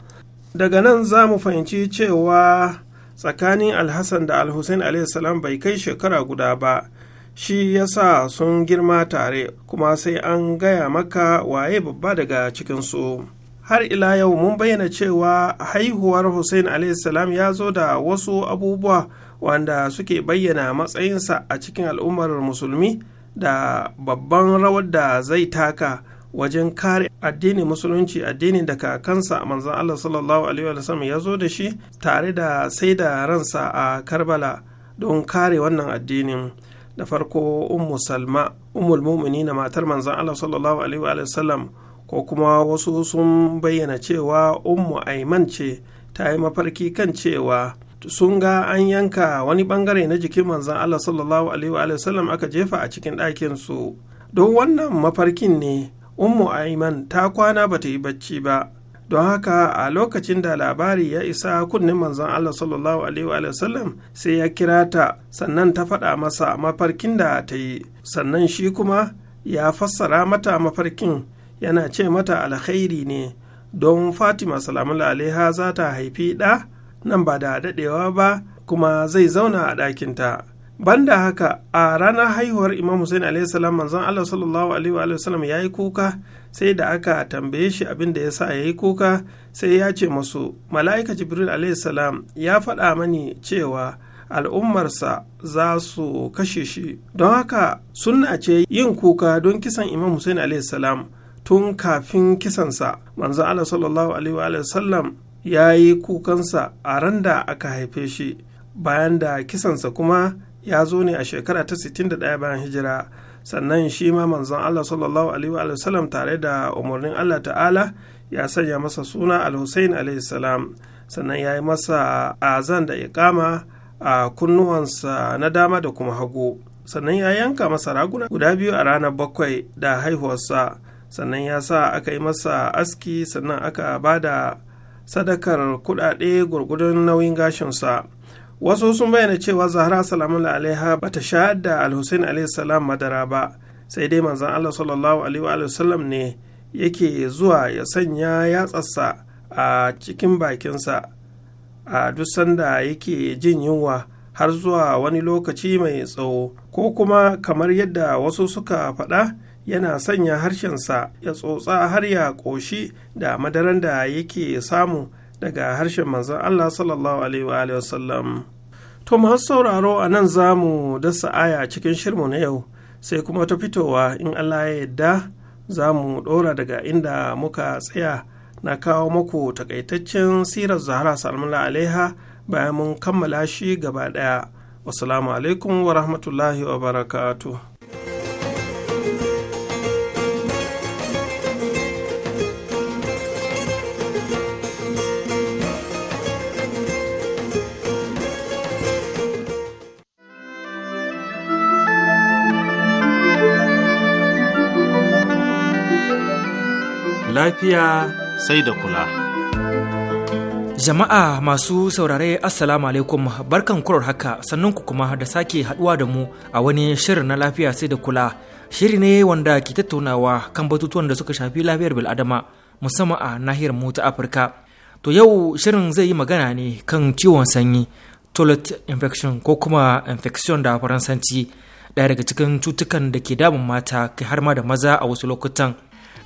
daga nan za mu fahimci cewa tsakanin alhassan da alhussein salam bai kai shekara guda ba shi ya sa sun girma tare kuma sai an gaya maka waye babba daga cikinsu har ila yau mun bayyana cewa haihuwar hussein salam ya zo da wasu abubuwa wanda suke bayyana matsayinsa a cikin al'ummar musulmi da babban rawar da zai taka wajen kare addinin musulunci addinin da kakansa manzon Allah sallallahu alaihi wasallam ya zo da shi tare da sai da ransa a Karbala don kare wannan addinin da farko ummu salma ummul na matar manzon Allah sallallahu alaihi wasallam ko kuma wasu sun bayyana cewa ummu aiman ce ta yi mafarki kan cewa sun ga an yanka wani bangare na jikin manzan Allah sallallahu alaihi wa sallam aka jefa a cikin ɗakin su don wannan mafarkin ne ummu aiman ta kwana bata yi bacci ba don haka a lokacin da labari ya isa kunnen manzan Allah sallallahu alaihi wa sallam sai ya kira ta sannan ta faɗa masa mafarkin da ta yi sannan shi kuma ya fassara mata mafarkin yana ce mata alkhairi ne don fatima salamu alaiha za ta haifi ɗa nan ba da daɗewa ba kuma zai zauna a ɗakinta banda haka a ranar haihuwar imam hussein a.s. manzon allah sallallahu alaihi wa ya yi kuka sai da aka tambaye shi abin da ya sa ya yi kuka sai ya ce masu mala'ika jibril a.s. ya faɗa mani cewa al'ummarsa za su kashe shi don haka sunna ce yin kuka don kisan imam hussein a.s. tun kafin kisansa manzon allah sallallahu alaihi wa sallam ya yi kukansa a ran da aka haife shi bayan da kisansa kuma ya zo ne a shekara ta 61 bayan hijira sannan shi ma manzon Allah sallallahu alaihi wa tare da umarnin Allah ta'ala ya sanya masa suna al-Hussein alaihi salam sannan ya yi masa azan da iqama a kunnuwansa na dama da kuma hagu sannan ya yanka masa raguna guda biyu a ranar bakwai da haihuwarsa sannan ya sa aka yi masa aski sannan aka ba da sadakar kuɗaɗe gurgudun nauyin gashinsa wasu sun bayyana cewa zahra Salamu alaiha ba ta sha da alhussein alaihi salam madara ba sai dai manzan allah sallallahu alaihi wa sallam ne yake zuwa ya sanya yatsarsa a cikin bakinsa a duk sanda yake jin yunwa har zuwa wani lokaci mai tsawo ko kuma kamar yadda wasu suka faɗa yana sanya harshensa ya tsotsa har ya ƙoshi da madaran da yake samu daga harshen manzon Allah sallallahu alaihi wasallam. To masu sauraro a nan za mu dasa aya cikin shirmu na yau sai kuma ta fitowa in Allah ya yadda za mu ɗora daga inda muka tsaya na kawo muku takaitaccen sirar zahara salmula alaiha bayan mun kammala shi gaba ɗaya. Wasu alaikum wa rahmatullahi wa barakatuh. lafiya sai da kula. Jama'a masu saurare Assalamu alaikum barkan kurar haka sannan ku kuma da sake haduwa da mu a wani shirin na lafiya sai da kula. Shiri ne wanda ke tattaunawa kan batutuwan da suka shafi lafiyar bil'adama musamman a nahiyar mu ta Afirka. To yau shirin zai yi magana ne kan ciwon sanyi, toilet infection ko kuma infection da faransanci. ɗaya daga cikin cutukan da ke damun mata kai har ma da maza a wasu lokutan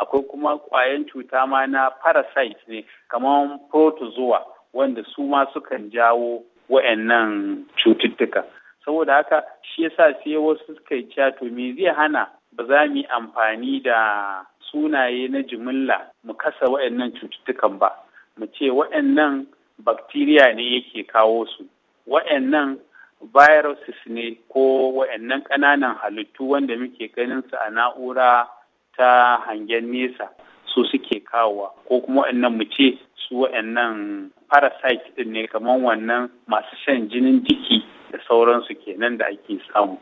akwai kuma ƙwayan cuta ma na parasite ne kamar protozoa wanda su ma sukan jawo wa'annan cututtuka saboda haka shi yasa sai wasu suka yi to me zai hana ba za mu yi amfani da sunaye na jimilla mu kasa wa'annan cututtukan ba mu ce wa'annan bakteriya ne yake kawo su wa'annan viruses ne ko wa'annan ƙananan halittu wanda muke ganin su a na'ura ta hangen nesa su suke kawowa ko kuma wa'annan mu ce su wa'annan parasite din ne kamar wannan masu shan jinin jiki da sauransu kenan da ake samu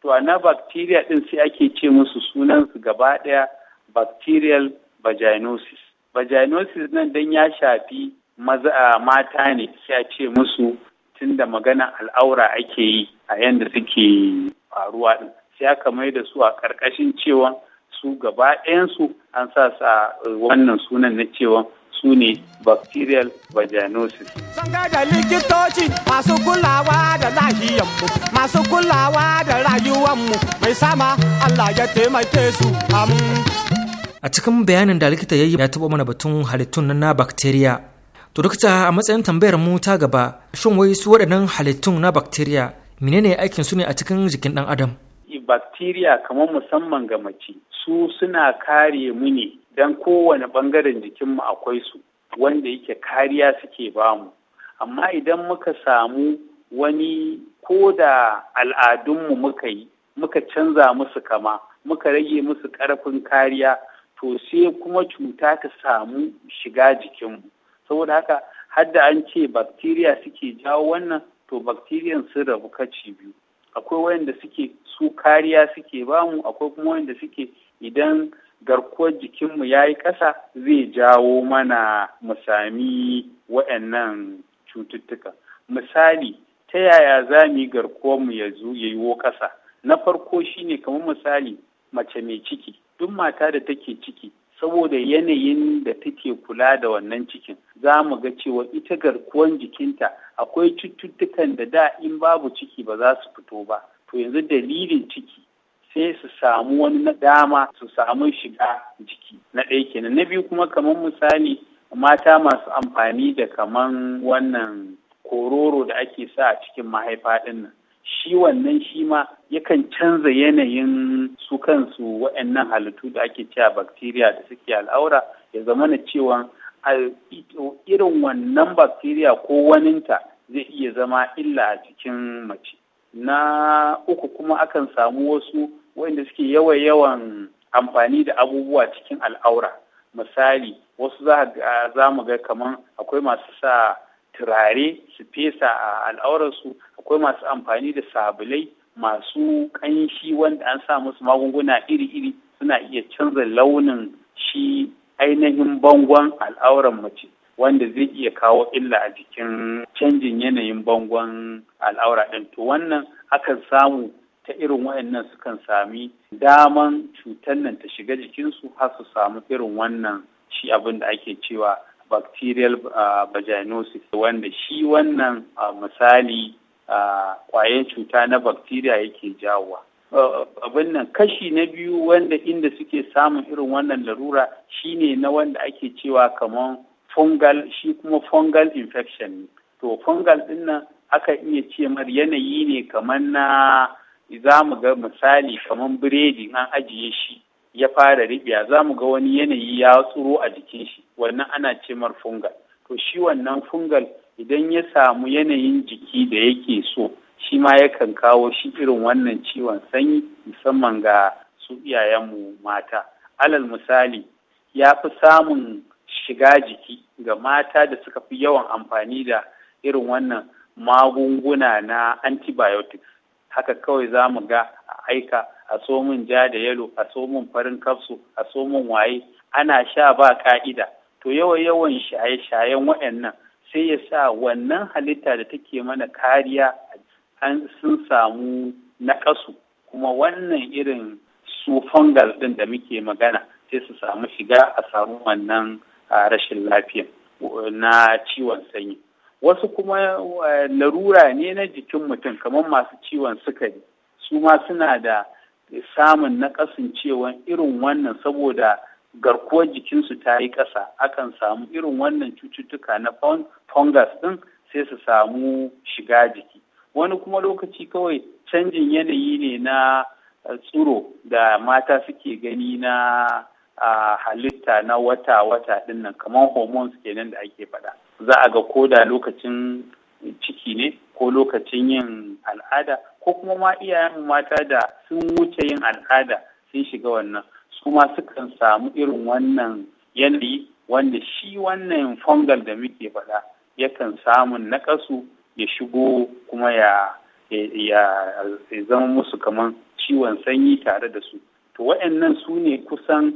to na bacteria din sai ake ce musu sunansu gaba ɗaya bacterial vaginosis vaginosis nan dan ya shafi maza mata ne sai a ce musu tunda magana al'aura ake yi a yanda suke faruwa din sai aka mai da su a ƙarƙashin cewa su gaba ɗayansu an sa sa eh, wannan sunan na cewa su ne bacterial vaginosis. Sun da likitoci masu kulawa da lahiyanmu, masu kulawa da rayuwanmu mai sama Allah ya taimake su A cikin bayanin da likita ya yi ya taɓa mana batun halittun na bacteria. To dokta a matsayin tambayar mu ta gaba, shin wai su waɗannan halittun na bacteria menene aikin su ne a cikin jikin ɗan adam? bacteria kamar musamman ga mace su suna kare mu ne don kowane ɓangaren jikinmu akwai su wanda yake kariya suke bamu amma idan muka samu wani ko da al'adunmu muka yi muka canza musu kama muka rage musu ƙarfin kariya to sai kuma cuta ta samu shiga jikinmu saboda haka hadda an ce bakteriya suke jawo wannan to bakteriyan sun rabu kaci biyu akwai wayanda suke su kariya suke bamu akwai kuma wayanda suke idan garkuwar jikinmu ya yi ƙasa zai jawo mana mu sami wayannan cututtuka misali ta yaya za mu yi garkuwarmu ya yiwo ƙasa na farko shine kamar misali mace mai ciki duk mata da take ciki saboda yanayin da take kula da wannan cikin za mu ga cewa ita garkuwar jikinta akwai cututtukan da da in babu ciki ba za su fito ba to yanzu dalilin ciki sai su samu wani na dama su samu shiga jiki na ɗaya kenan na biyu kuma kamar misali mata masu amfani da kaman wannan kororo da ake sa a cikin mahaifa nan shi wannan shi ma yakan canza yanayin su kansu wa'annan halittu da ake cewa bakteriya da suke al'aura ya zama na cewa irin wannan bacteria ko waninta zai iya zama illa a cikin mace na uku kuma akan samu wasu wanda suke yawan yawan amfani da abubuwa cikin al'aura misali wasu za mu ga kamar akwai masu sa turare su fesa a al'aurarsu akwai masu amfani da sabulai masu ƙanshi wanda an sa musu magunguna iri-iri suna iya canza launin shi ainihin bangon al'auran mace wanda zai iya kawo illa a jikin canjin yanayin bangon al'aura ɗin to wannan akan samu ta irin waɗannan sukan sami daman cutar nan ta shiga jikinsu har su samu irin wannan shi abin da ake cewa bacterial vaginosis wanda shi wannan misali kwayan cuta na bacteria yake jawowa abin nan kashi na biyu wanda inda suke samun irin wannan larura shine na wanda ake cewa kamar fungal shi kuma fungal infection ne to fungal din nan aka iya ce mar yanayi ne kamar na za mu ga misali kamar biredi an ajiye shi ya fara ribiya za mu ga wani yanayi ya tsuro a jikin shi wannan ana ce mar fungal to shi wannan fungal idan ya samu yanayin jiki da yake so shi ma yakan kawo shi irin wannan ciwon sanyi musamman ga su iyayenmu mata alal misali ya fi samun shiga jiki ga mata da suka fi yawan amfani da irin wannan magunguna na antibiotics haka kawai za mu ga a aika a somin ja da yalo a somin farin kafsu a somin waye ana sha ba ka'ida to yawan yawan shaye-shayen waɗannan sai ya sa wannan halitta da take mana kariya a an sun samu nakasu kuma wannan irin su fungal ɗin da muke magana sai su samu shiga a samu wannan rashin lafiya na ciwon sanyi wasu kuma larura ne na jikin mutum kamar masu ciwon sukari su ma suna da samun nakasun kasancewan irin wannan saboda garkuwar jikinsu ta yi ƙasa akan samu irin wannan cututtuka na fungus ɗin sai su samu shiga jiki wani kuma lokaci kawai canjin yanayi ne na eh, tsuro da mata suke gani na ah, halitta na wata-wata dinnan kamar hormones kenan da ake faɗa za a ga ko da lokacin ciki ne ko lokacin yin al'ada ko kuma ma iyayen mata da sun wuce yin al'ada sun shiga wannan su ma sukan samu irin wannan yanayi wanda shi wannan fungal da muke faɗa yakan samun naƙasu ya shigo kuma ya zama musu kaman ciwon sanyi tare da su to waɗannan su ne kusan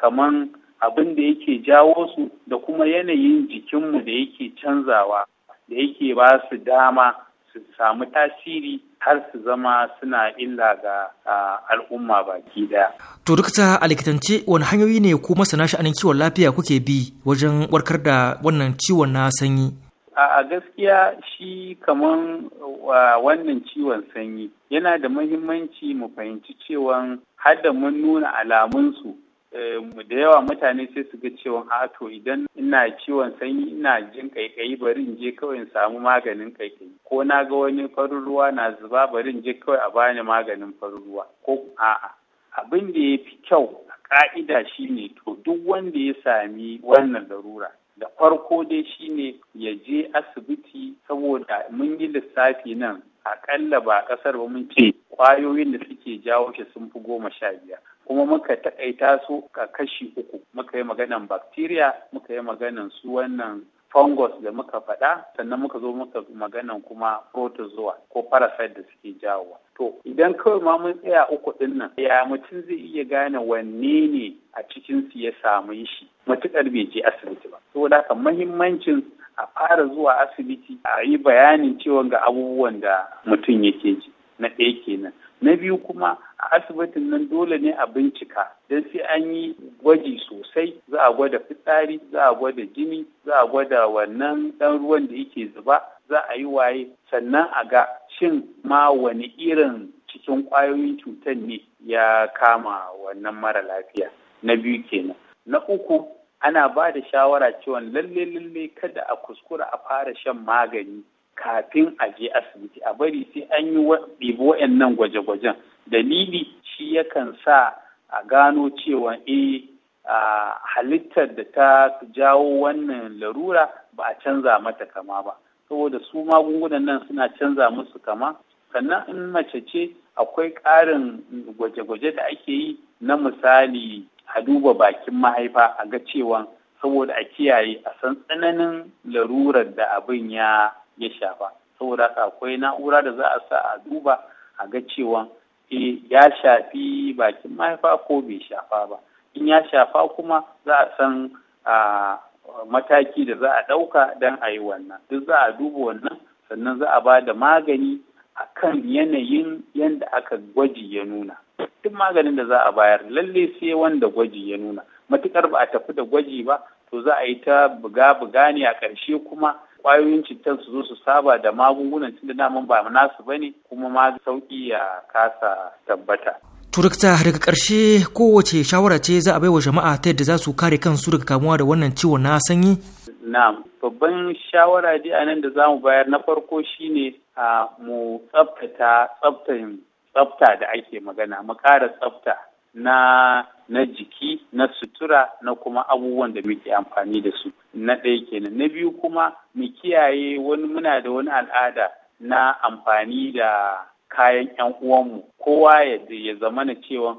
kaman abin da yake jawo su da kuma yanayin jikinmu da yake canzawa da yake ba su dama su samu tasiri har su zama suna illa ga al'umma baki daya. To duk ta a likitance wani hanyoyi ne ko masana sha'anin kiwon lafiya kuke bi wajen warkar da wannan ciwon na sanyi? a gaskiya shi kaman wannan ciwon sanyi yana da mahimmanci mu fahimci cewa har da mun nuna alamunsu eh, da yawa mutane sai su ga cewa a to idan ina ciwon sanyi ina jin kaikayi bari in je kawai in samu maganin kaikayi ko na ga wani farin ruwa na zuba bari in je kawai a bani maganin farin ruwa ko a'a abin da ya fi kyau a ka'ida shine to duk wanda ya sami wannan larura da farko dai shine ya je asibiti saboda mun yi lissafi nan akalla ba ƙasar ba mun ce kwayoyin da suke jawo shi sun fi goma sha biyar kuma muka takaita su ka kashi uku muka yi maganan bacteria muka yi maganan su wannan fungus da muka faɗa sannan muka zo muka maganan kuma protozoa ko parasite da suke jawowa to idan kawai ma mun tsaya uku ɗin nan ya mutum zai iya gane wanne ne a cikin su ya samu shi matukar bai je asibiti ba saboda haka mahimmancin a fara zuwa asibiti a yi bayanin cewa ga abubuwan da mutum yake ji na ɗaya kenan na biyu kuma a asibitin nan dole ne a bincika don sai an yi gwaji sosai za a gwada fitsari za a gwada jini za a gwada wannan ɗan ruwan da yake zuba za a yi waye sannan a ga shin ma wani irin cikin kwayoyin cutar ne ya kama wannan mara lafiya na biyu kenan na uku ana ba da shawara cewa lalle lalle kada a kuskura a fara shan magani kafin a je asibiti a bari sai an yi ɗibo nan gwaje-gwajen dalili shi yakan sa a gano cewa eh, a halittar da ta jawo wannan larura ba a canza mata kama ba saboda su magungunan nan suna canza musu kama sannan in mace ce akwai ƙarin gwaje-gwaje da ake yi na misali a duba bakin mahaifa a ga cewa saboda a kiyaye a san tsananin larurar da abin ya ya shafa saboda haka akwai na'ura da za a sa a duba a ga cewa eh, ya shafi bakin mahaifa ko bai shafa ba in ya shafa kuma za a san mataki da za a ɗauka don a yi wannan duk za a duba wannan sannan za a ba da magani a kan yanayin yadda aka gwaji ya nuna duk maganin da za a bayar lalle sai wanda gwaji ya nuna matukar ba a tafi da gwaji ba to za a yi ta buga-buga ne a ƙarshe kuma kwayoyin cutar su zo su saba da magungunan tunda daman ba nasu ne, kuma ma sauki ya kasa tabbata turukta daga ƙarshe kowace shawara ce za a baiwa jama'a ta yadda za su kare kansu daga kamuwa da wannan ciwon na sanyi na babban shawara dai a nan da za mu bayar na farko shine a mu tsabtata tsabtan tsabta da ake magana mu ƙara tsabta na na jiki na sutura na kuma abubuwan da muke amfani da su na ɗaya kenan na biyu kuma mu kiyaye wani muna da wani al'ada na amfani da kayan 'yan uwanmu kowa ya zama na cewa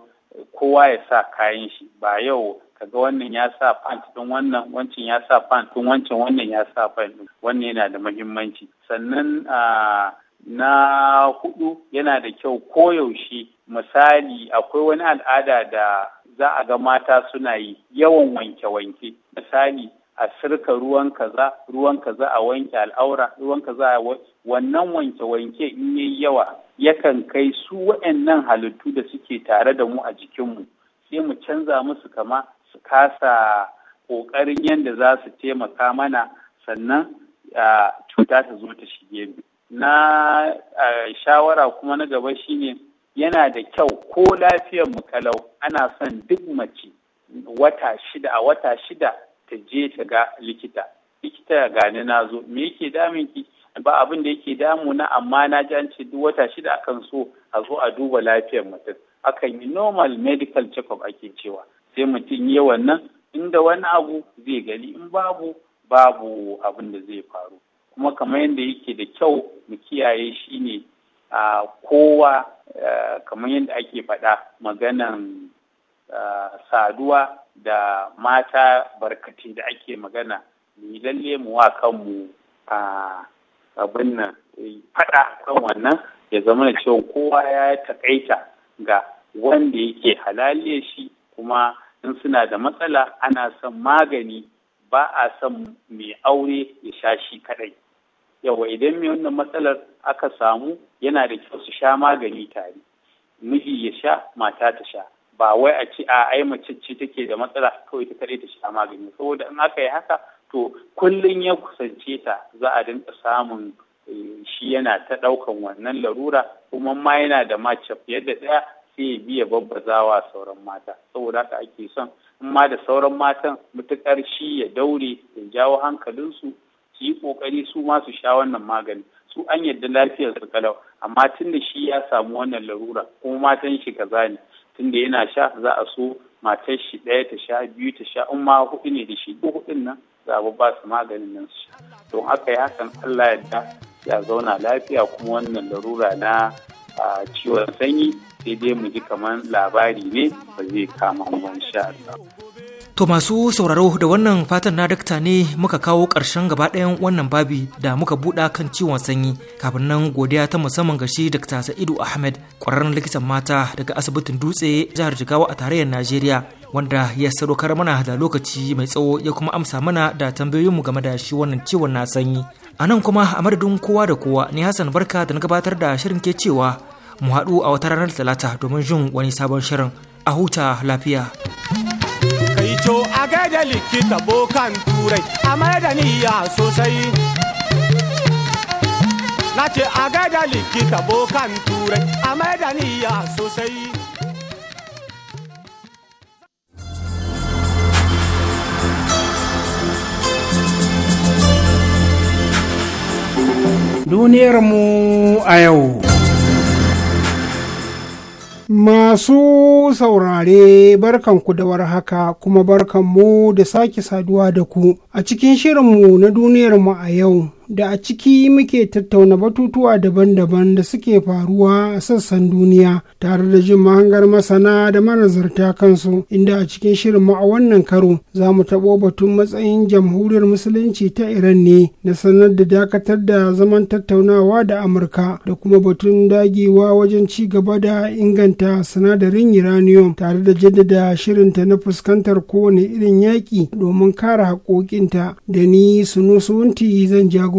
kowa ya sa kayan shi ba yau kaga wannan ya sa pant din wannan wancin ya sa pant din wancin wannan ya sa pant din wannan yana da muhimmanci sannan ah, na hudu yana da kyau koyaushe misali akwai wani al'ada da za a ga mata suna yi yawan wanke-wanke misali a sirka ruwan kaza ruwan kaza a wanke al'aura ruwan kaza a wannan wanke-wanke in yi yawa yakan kai su waɗannan halittu da suke tare da mu a jikinmu sai mu canza musu kama su kasa ƙoƙarin yadda za su taimaka mana sannan cuta ta zo ta shige na shawara kuma na gaba shine yana da kyau ko lafiyar mu kalau ana son duk mace wata shida a wata shida ta je ta ga likita likita ya gani na zo me yake damun ki ba abin da yake na amma na ji an duk wata shida akan so a zo a duba lafiyar mutum akan yi normal medical check-up ake cewa sai mutum yi wannan inda wani abu zai gani in babu babu abin da zai faru kuma kamar yadda yake da kyau mu kiyaye shine kowa kamar yadda ake faɗa maganan saduwa da mata barkaci da ake magana ni lalle mu wa kanmu a abin nan faɗa kan wannan ya zama da cewa kowa ya taƙaita ga wanda yake halaliya shi kuma in suna da matsala ana son magani ba a son mai aure ya sha shi kaɗai yawa idan mai wannan matsalar aka samu yana da kyau su sha magani tare miji ya sha mata ta sha ba wai a ce a ai mace ce take da matsala kawai ta kare ta sha magani saboda in aka yi haka to kullum ya kusance ta za a dinka samun eh, shi yana ta ɗaukan wannan larura kuma ma yana da mace fiye da ɗaya sai ya biya babbazawa sauran mata saboda haka ake son in ma da sauran matan mutukar shi ya daure ya jawo hankalinsu su yi kokari su ma su sha wannan magani su an yadda lafiyar su kalau amma tun da shi ya samu wannan larura kuma matan shi kaza ne tunda yana sha za a so matar shi ɗaya ta sha biyu ta sha in ma hudu ne da shi hudun nan za a ba su maganin nan su don haka ya hakan Allah yadda ya zauna lafiya kuma wannan larura na ciwon sanyi sai dai mu ji kamar labari ne ba zai kama mu insha Allah To masu sauraro da wannan fatan na dakta ne muka kawo ƙarshen gaba ɗayan wannan babi da muka buɗa kan ciwon sanyi kafin nan godiya ta musamman ga shi dakta Sa'idu Ahmed ƙwararren likitan mata daga asibitin Dutse jihar Jigawa a tarayyar Najeriya wanda ya sadaukar mana da lokaci mai tsawo ya kuma amsa mana da tambayoyin mu game da shi wannan ciwon na sanyi. A nan kuma a madadin kowa da kowa ni Hassan Barka da na gabatar da shirin ke cewa mu haɗu a wata ranar Talata domin jin wani sabon shirin a huta lafiya. a gaida likita bokan turai a da niyya sosai na ce a gaida likita bokan turai a da niyya sosai duniyarmu a yau Masu saurare barkan ku da warhaka kuma barkan mu da sake saduwa da ku a cikin shirinmu na duniyarmu a yau da a ciki muke tattauna batutuwa daban-daban da suke faruwa a sassan duniya tare da jin mahangar masana da manazarta kansu inda a cikin shirin a wannan karo za mu taɓo batun matsayin jamhuriyar musulunci ta iran ne na sanar da dakatar da zaman tattaunawa da amurka da kuma batun dagewa wajen ci gaba da inganta sinadarin uranium tare da jaddada shirinta na fuskantar kowane irin yaƙi domin kare haƙoƙinta da ni sunusunti zan jago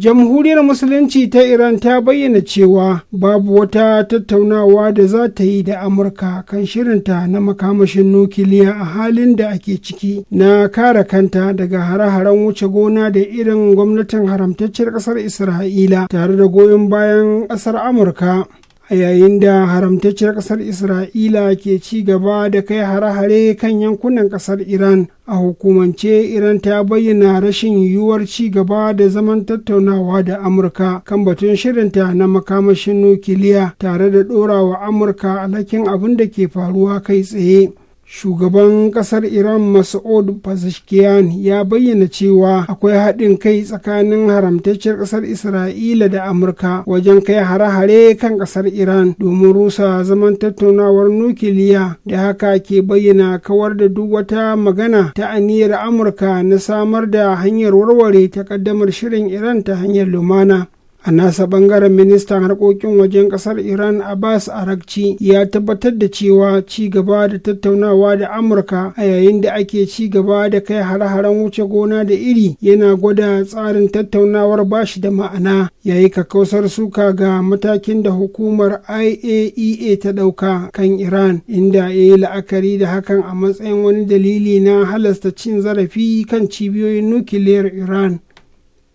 jamhuriyar musulunci ta iran ta bayyana cewa babu wata tattaunawa da za ta yi da amurka kan shirinta na makamashin nukiliya a halin da ake ciki na kare kanta daga hare-haren wuce gona da irin gwamnatin haramtacciyar ƙasar isra'ila tare da goyon bayan ƙasar amurka a yayin da haramtacciyar ƙasar isra'ila ke ci gaba da kai hare-hare kan yankunan ƙasar iran a hukumance iran ta bayyana rashin yiwuwar ci gaba da zaman tattaunawa da amurka kan batun shirinta na makamashin nukiliya tare da ɗorawa amurka alhakin abin da ke faruwa kai tsaye shugaban kasar iran masu'ud pezeshkian ya bayyana cewa akwai haɗin kai tsakanin haramtacciyar kasar isra'ila da amurka wajen kai hare-hare kan kasar iran domin rusa zaman tattaunawar nukiliya da haka ke bayyana kawar da duk wata magana ta aniyar amurka na samar da hanyar warware ta takaddamar shirin iran ta hanyar lumana a nasa bangaren ministan harkokin wajen kasar iran abbas arakci ya tabbatar da cewa ci gaba da tattaunawa da amurka a yayin da ake ci gaba da kai hare-haren wuce gona da iri yana gwada tsarin tattaunawar bashi da ma'ana yayi kakkausar suka ga matakin da hukumar iaea e ta ɗauka kan iran inda ya yi la'akari da hakan a matsayin wani dalili na halasta cin zarafi kan cibiyoyin nukiliyar iran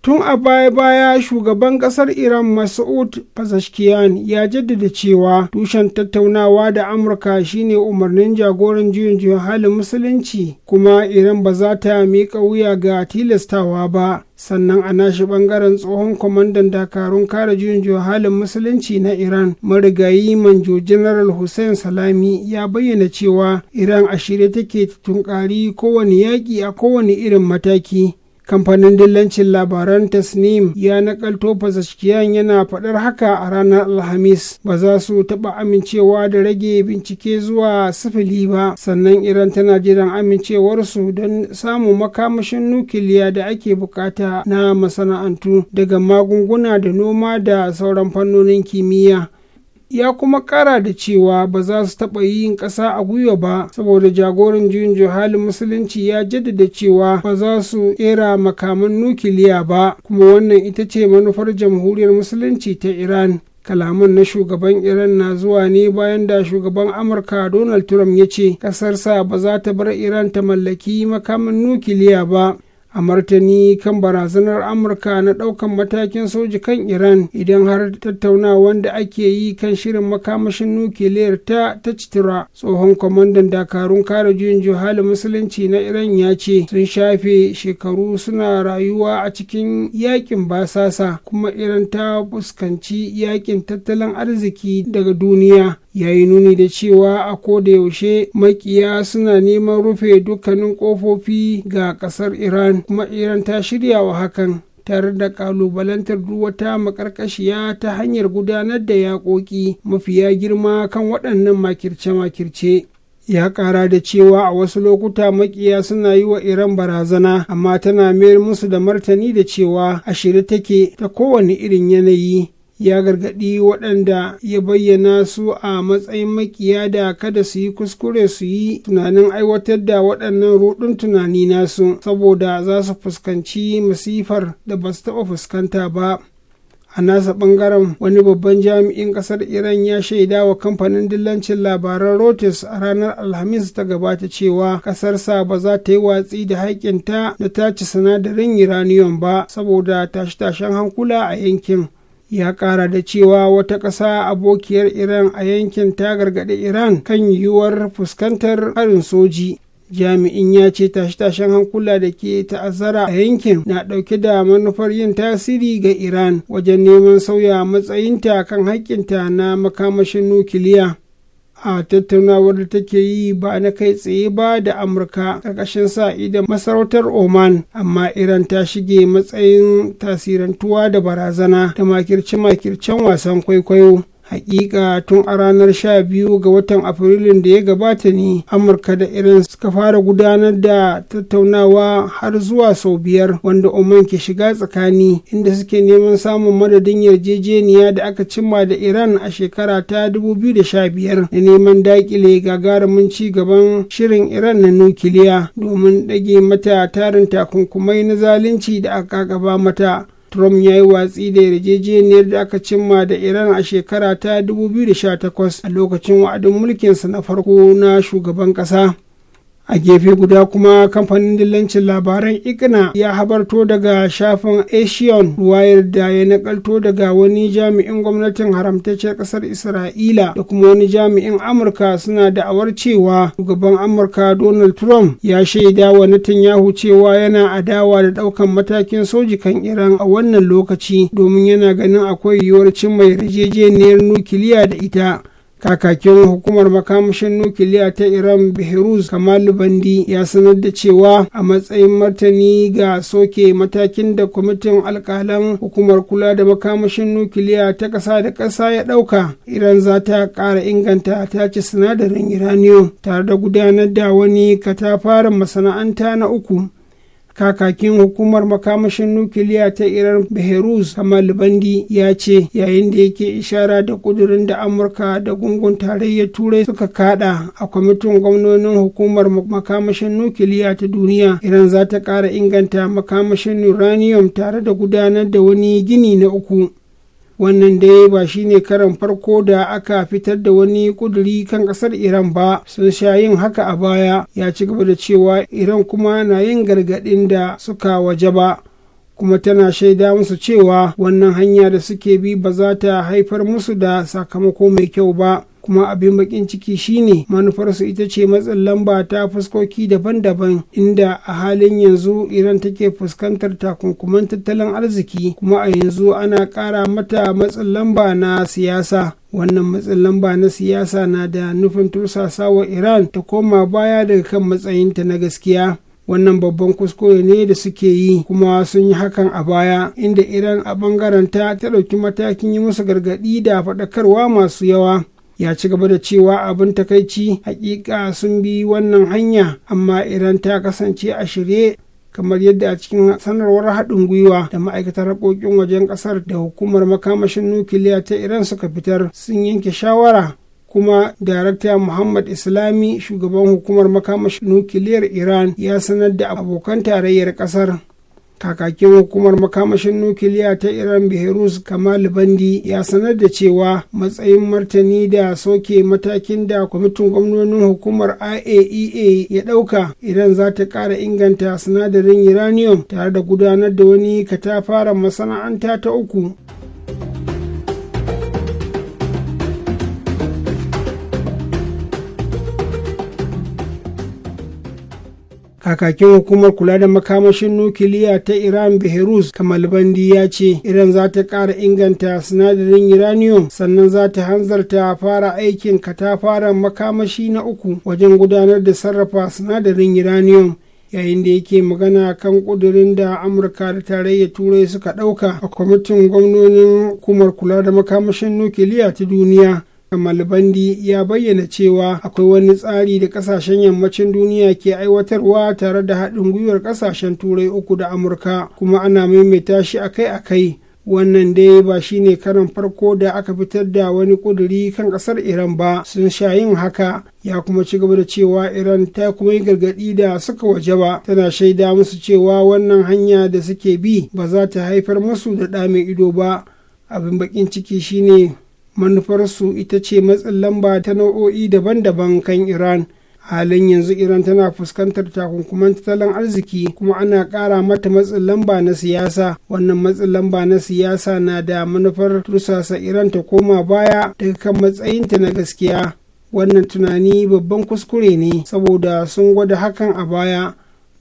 tun a baya-baya shugaban kasar iran masud pazashkiyan ya jaddada cewa tushen tattaunawa da amurka shine umarnin jagoran juyin juyin halin musulunci kuma iran ba za ta miƙa wuya ga tilastawa ba sannan a nashi bangaren tsohon kwamandan dakarun kare juyin juyin halin musulunci na iran marigayi manjo general hussein salami ya bayyana cewa iran a shirye take tunkari kowane yaƙi a kowane irin mataki kamfanin dillancin labaran tasnim ya nakalto fasashkiyan yana faɗar haka a ranar alhamis ba za su taɓa amincewa da rage bincike zuwa sifili ba sannan iran tana jiran amincewarsu don samun makamashin nukiliya da ake bukata na masana'antu daga magunguna da noma da sauran fannonin kimiyya ya kuma kara da cewa ba za su taɓa yin ƙasa a gwiwa ba saboda jagoran juyin halin musulunci ya jaddada cewa ba za su ƙera makaman nukiliya ba kuma wannan ita ce manufar jamhuriyar musulunci ta iran kalaman na shugaban iran na zuwa ne bayan da shugaban amurka donald trump ya ce ƙasarsa ba za ta bar iran ta mallaki makaman nukiliya ba a martani kan barazanar amurka na ɗaukan matakin soji kan iran idan har tattaunawan da ake yi kan shirin makamashin nukiliyar ta ta citira tsohon kwamandan dakarun kare juyin juhali musulunci na iran ya ce sun shafe shekaru suna rayuwa a cikin yakin basasa kuma iran ta fuskanci yakin tattalin arziki daga duniya ya nuni da cewa a yaushe makiya suna neman rufe dukkanin ƙofofi ga ƙasar iran kuma iran ta shirya wa hakan tare da kalubalantar duk wata makarkashiya ta hanyar gudanar da yaƙoƙi mafiya girma kan waɗannan makirce-makirce ya kara da cewa a wasu lokuta makiya suna yi wa iran barazana amma tana mayar musu da martani da cewa a shirye take ta kowane irin yanayi ya gargaɗi waɗanda ya bayyana su a matsayin makiya da kada su yi kuskure su yi tunanin aiwatar da waɗannan ruɗun tunani nasu saboda za su fuskanci masifar da ba su taɓa fuskanta ba a nasa ɓangaren, wani babban jami'in ƙasar iran ya shaida wa kamfanin dillancin labaran rotis a ranar alhamis ta gabata cewa ƙasarsa ba za ta yi watsi da haƙƙinta na tace sinadarin uranium ba saboda tashe-tashen hankula a yankin ya kara da cewa wata ƙasa abokiyar iran a yankin ta gargaɗi iran kan yiwuwar fuskantar harin soji jami'in ya ce tashe-tashen hankula da ke ta'azzara a yankin na ɗauke da manufar yin tasiri ga iran wajen neman sauya matsayinta kan haƙƙinta na makamashin nukiliya a tattaunawar da take yi ba na kai tsaye ba da amurka ƙarƙashin sa idan masarautar oman amma iran ta shige matsayin tasirantuwa da barazana da makirce-makircen wasan kwaikwayo hakika tun a ranar 12 ga watan afrilun da ya gabata ne amurka da iran suka fara gudanar da tattaunawa har zuwa sau biyar wanda oman ke shiga tsakani inda suke neman samun madadin yarjejeniya da aka cimma da iran a shekara ta 2015 da neman dakile gagarumin ci gaban shirin iran na nukiliya domin dage mata tarin takunkumai na zalunci da aka gaba mata trump ya yi watsi da yarjejeniyar da aka cimma da iran a shekara ta 2018 a lokacin wa'adin mulkinsa na farko na shugaban kasa. a gefe guda kuma kamfanin dillancin labaran igna ya habarto daga shafin asian wayar da ya nakalto daga wani jami'in gwamnatin haramtacciyar kasar isra'ila da kuma wani jami'in amurka suna da'awar cewa shugaban amurka donald trump ya shaida wa netanyahu cewa yana adawa da daukan matakin soji kan iran a wannan lokaci domin yana ganin akwai yiwuwar cimma yarjejeniyar nukiliya da ita kakakin hukumar makamashin nukiliya ta iran behruz kamal bandi ya sanar da cewa a matsayin martani ga soke matakin da kwamitin alkalan hukumar kula da makamashin nukiliya ta ƙasa da ƙasa ya ɗauka iran za ta ƙara inganta ta ci sinadarin iraniyo tare da gudanar da wani katafaren masana'anta na uku kakakin hukumar makamashin nukiliya ta iran beheruz kamal Bandi ya ce yayin da yake ishara da kudurin da amurka da gungun tarayyar turai suka kada a kwamitin gwamnonin hukumar makamashin nukiliya ta duniya iran za ta kara inganta makamashin uranium tare da gudanar da wani gini na uku wannan dai ba shine karan farko da aka fitar da wani kuduri kan kasar iran ba sun sha yin haka a baya ya ci gaba da cewa iran kuma na yin gargaɗin da suka waje ba kuma tana shaida musu cewa wannan hanya da suke bi ba za ta haifar musu da sakamako mai kyau ba kuma abin bakin ciki shine manufarsu ita ce matsin lamba ta fuskoki daban-daban inda a halin yanzu iran take fuskantar takunkuman tattalin arziki kuma a yanzu ana kara mata matsin lamba na siyasa wannan matsin lamba na siyasa na da nufin tursasawa iran ta koma baya daga kan matsayinta na gaskiya wannan babban kuskure ne da suke yi kuma sun yi hakan a baya inda iran a bangaren ta ta ɗauki matakin yi musu gargaɗi da faɗakarwa masu yawa ya ci gaba da cewa abin takaici hakika sun bi wannan hanya amma iran ta kasance a shirye kamar yadda a cikin sanarwar haɗin gwiwa da ma'aikatar haƙoƙin wajen ƙasar da hukumar makamashin nukiliya ta iran suka fitar sun yanke shawara kuma darakta muhammad islami shugaban hukumar makamashin nukiliyar iran ya sanar da abokan tarayyar ƙasar kakakin hukumar makamashin nukiliya ta iran behrus kamal bandi ya sanar da cewa matsayin martani da soke matakin da kwamitin gwamnonin hukumar iaea e ya dauka iran za ta kara inganta sinadarin uranium tare da gudanar da wani katafaren masana'anta ta uku kakakin hukumar kula da makamashin nukiliya ta iran behrus kamal bandi ya ce iran za ta ƙara inganta sinadarin uranium sannan za ta hanzarta fara aikin katafaren makamashi na uku wajen gudanar da sarrafa sinadarin uranium yayin da yake magana kan kudurin da amurka da tarayyar turai suka ɗauka a kwamitin gwamnonin hukumar kula da makamashin nukiliya ta duniya Kamal Bandi ya bayyana cewa akwai wani tsari da kasashen yammacin duniya ke aiwatarwa tare da haɗin gwiwar kasashen turai uku da Amurka kuma ana maimaita shi akai-akai. Wannan dai ba shi ne karan farko da aka fitar da wani ƙuduri kan ƙasar Iran ba sun sha yin haka ya kuma ci gaba da cewa Iran ta kuma yi gargaɗi da suka waje ba tana shaida musu cewa wannan hanya da suke bi ba za ta haifar musu da ɗa mai ido ba abin bakin ciki shine manufarsu ita ce matsin lamba ta nau'o'i daban-daban kan iran halin yanzu iran tana fuskantar takunkuman tattalin arziki kuma ana kara mata matsin lamba na siyasa wannan matsin lamba na siyasa na da manufar tursasa iran ta koma baya daga kan matsayinta na gaskiya wannan tunani babban kuskure ne saboda sun gwada hakan a baya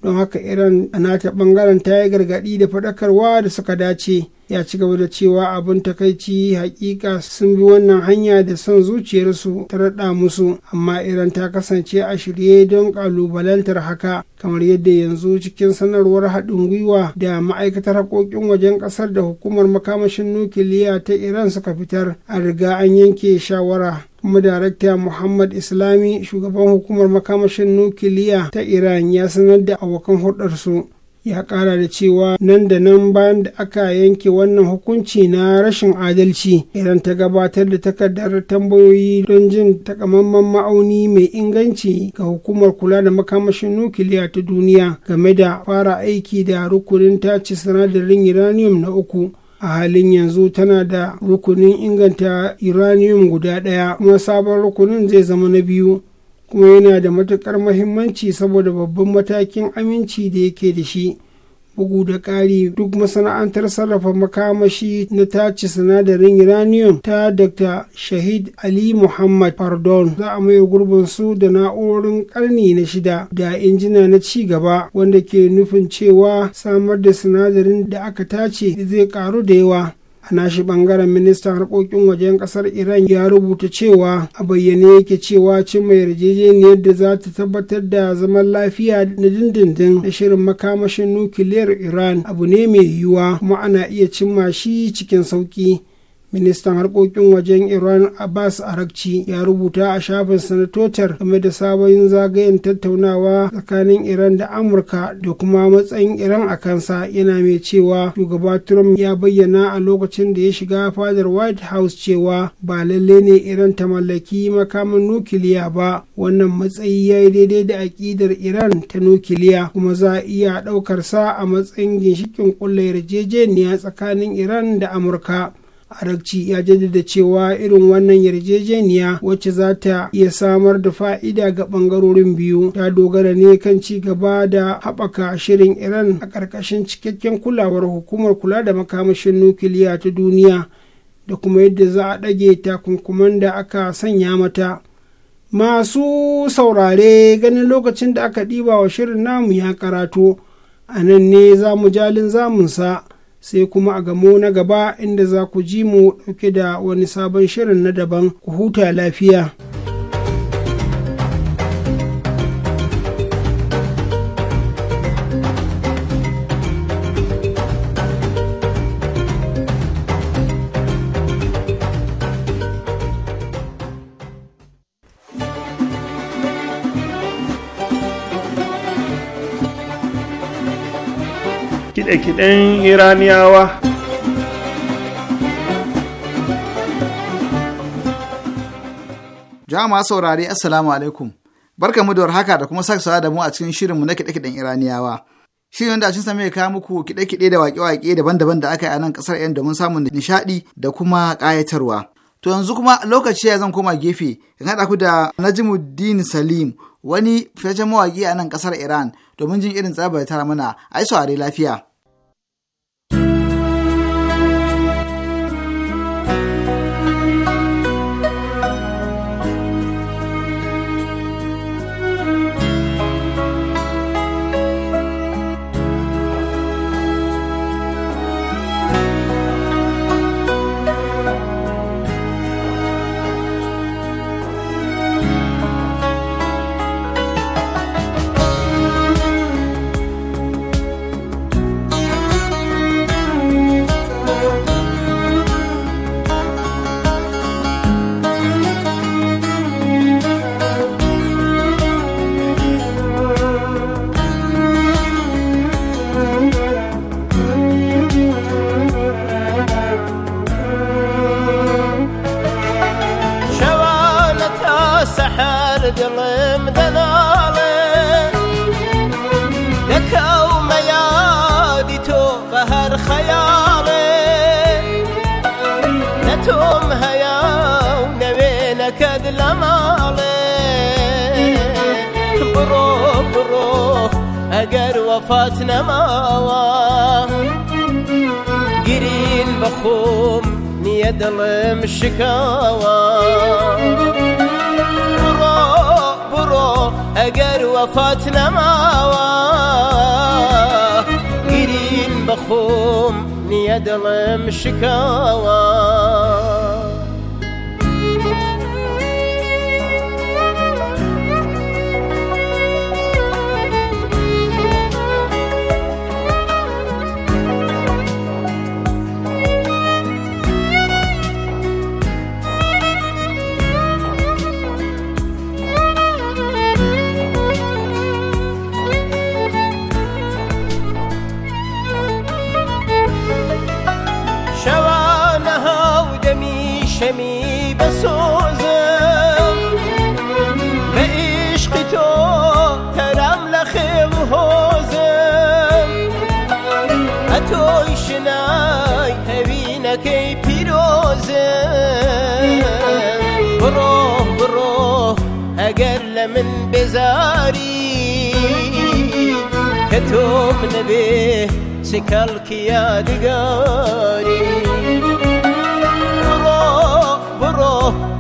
don haka irin a nata bangaren ta yi gargaɗi da faɗakarwa da suka dace ya ci gaba da cewa abin takaici hakika sun bi wannan hanya da son zuciyarsu ta raɗa musu amma iran ta kasance a shirye don ƙalubalantar haka kamar yadda yanzu cikin sanarwar haɗin gwiwa da ma'aikatar haƙoƙin wajen ƙasar da hukumar makamashin nukiliya ta iran suka fitar a riga an yanke shawara kuma darakta muhammad islami shugaban hukumar makamashin nukiliya ta iran ya sanar da abokan hulɗarsu ya ƙara da cewa nan da nan bayan da aka yanke wannan hukunci na rashin adalci iran ta gabatar da takardar tambayoyi don jin takamaiman ma'auni mai inganci ga hukumar kula da makamashin nukiliya ta duniya game da fara aiki da rukunin tace sinadarin uranium na uku a halin yanzu tana da rukunin inganta uranium guda ɗaya kuma sabon rukunin zai zama na biyu kuma yana da matuƙar mahimmanci saboda babban matakin aminci da yake da shi bugu da ƙari duk masana'antar sarrafa makamashi na tace sinadarin uranium ta dr shahid ali muhammad pardon za a maye gurbin su da na'urorin ƙarni na shida da injina na ci gaba wanda ke nufin cewa samar da sinadarin da aka tace zai ƙaru da yawa a nashi bangaren ministan harkokin wajen kasar iran ya rubuta cewa a bayyane yake cewa cimma yarjejeniyar da za ta tabbatar da zaman lafiya na dindindin da shirin makamashin nukiliyar iran abu ne mai yiwuwa kuma ana iya cimma shi cikin sauki ministan harkokin wajen iran abbas arakci ya rubuta a shafin sanatotar game da sabon zagayen tattaunawa tsakanin iran da amurka da kuma matsayin iran a kansa yana mai cewa shugaba trump ya bayyana a lokacin da ya shiga fadar white house cewa ba lalle ne iran ta mallaki makamin nukiliya ba wannan matsayi ya yi daidai da aƙidar iran ta nukiliya kuma za a iya ɗaukar sa a matsayin ginshikin ƙulla yarjejeniya tsakanin iran da amurka Arakci ya jaddada cewa irin wannan yarjejeniya wacce za ta iya samar da fa'ida ga ɓangarorin biyu ta dogara ne kan ci gaba da haɓaka shirin Iran a ƙarƙashin cikakken kulawar hukumar kula da makamashin nukiliya ta duniya da kuma yadda za a ɗage takunkuman da aka sanya mata. Masu saurare ganin lokacin da aka ɗiba wa shirin namu ya karatu, a nan ne za mu jalin zamunsa. sai kuma a gamo na gaba inda za ku ji mu ɗauke da wani sabon shirin na daban ku huta lafiya. kiɗe iraniyawa jama'a saurari assalamu alaikum barka mu da haka da kuma sake da mu a cikin shirinmu na kiɗe-kiɗen iraniyawa shirin a cin same kawo muku kiɗe-kiɗe da waƙe-waƙe daban-daban da aka yi a nan ƙasar yan domin samun nishaɗi da kuma ƙayatarwa to yanzu kuma lokaci ya zan koma gefe in haɗa ku da najimuddin salim wani fitaccen mawaƙi a nan ƙasar iran domin jin irin tsabar tara mana ai saurari lafiya شكاوى سکەڵکی یادگاری بڕۆ بڕۆ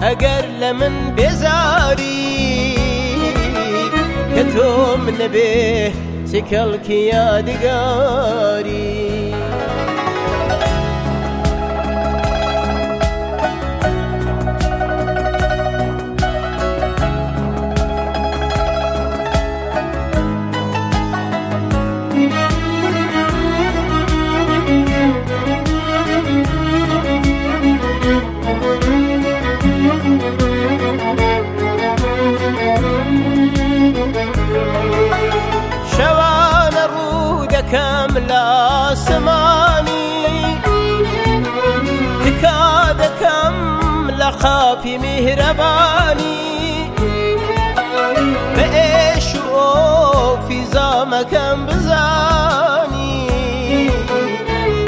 ئەگەر لە من بێزاری کە تۆ منەبێ سکەڵکی یادگاری في مهرباني بإيش في ئێش و بزاني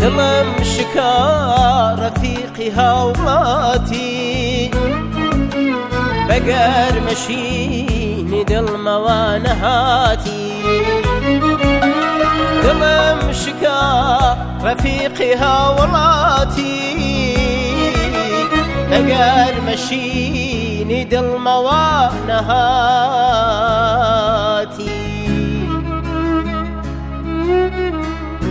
دلم دڵم شکا ڕەفیقی بقر بەگەرمەشینی دڵمەوە موانهاتي دلم شكا رفيقي هاولاتي دقر مشيني دل موانهاتي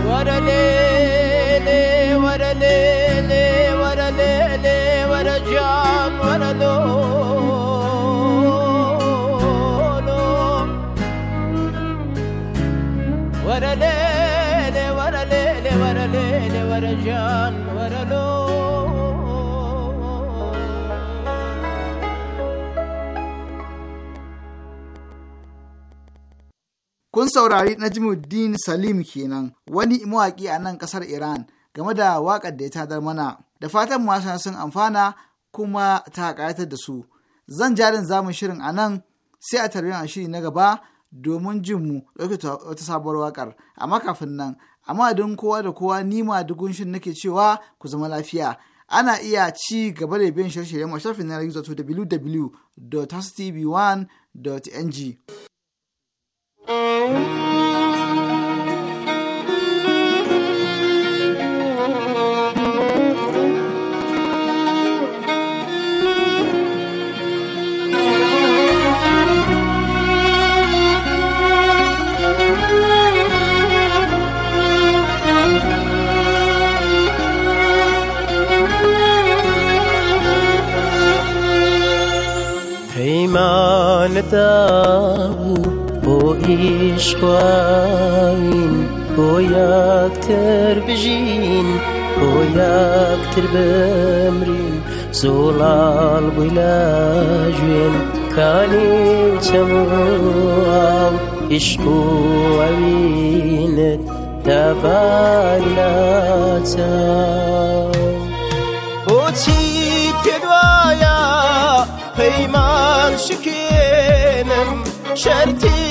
ورا ليلي ورا ليلي Kun saurari Najmuddin Salim kenan wani mawaƙi a nan ƙasar Iran game da waƙar da ya tadar mana. Da fatan masu sun amfana kuma ta ƙayatar da su. Zan jarin zamun shirin a nan sai a tarbiyyar shiri na gaba domin jin mu ɗauki wata sabuwar waƙar. Amma kafin nan, amma don kowa da kowa ni ma dugun shin nake cewa ku zama lafiya. Ana iya ci gaba da biyan shirye-shiryen mashafin na gizo www.hostv1.ng. ता بۆ ئیشخواین بۆ یاکتر بژین بۆ یاکتر بمرین زۆڵال بوویلاژێن کانی چەمڵ عشق و ئەوینت دەبارلاچە بۆچی پێدوایە پەیمان شکێنم شەرتی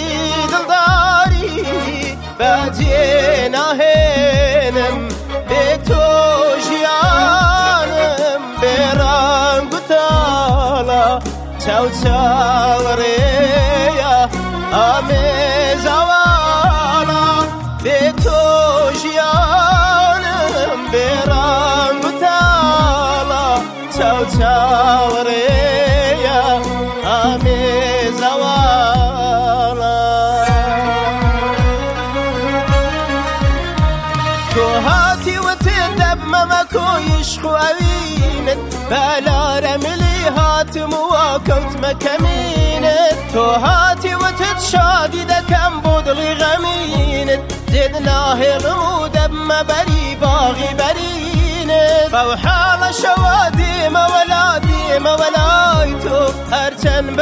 بجه نهنم به تو جیانم به رنگ و تالا چو چال ریا آمین بلا رملي هاتم واكمت مكمين توهاتي وتتشادي دا كم بودلي غمين زدناه غمود بما بري باغي برين فوحال شوادي ما ولا ديما ولايتو هرچن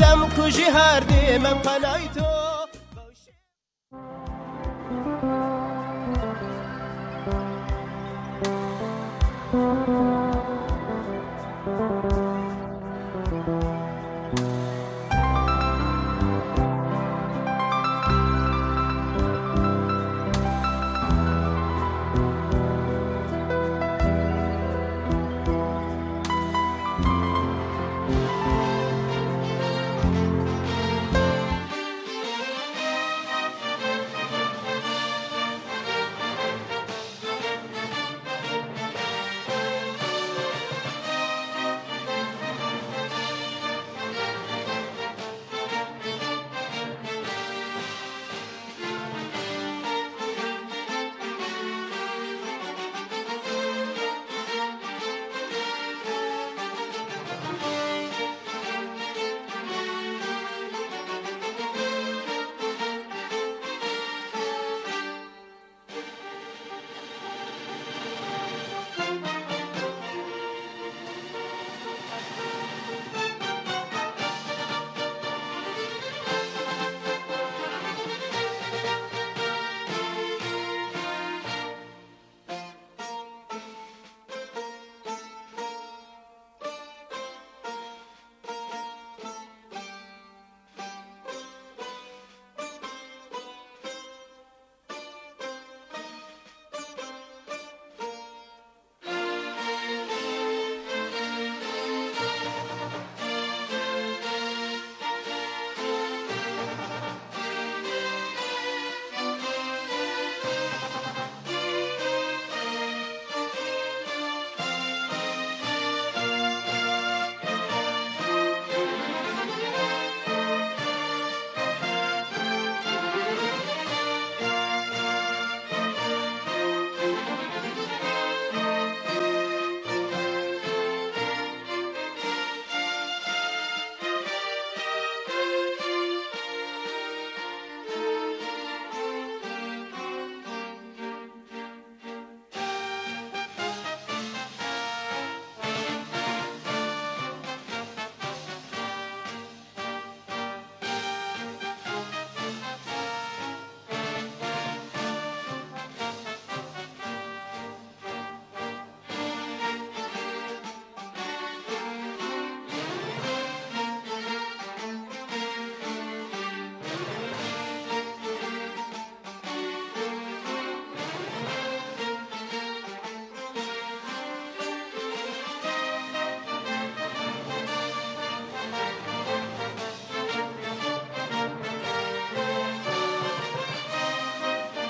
دم كجي هر ديما قنايتو Thank you.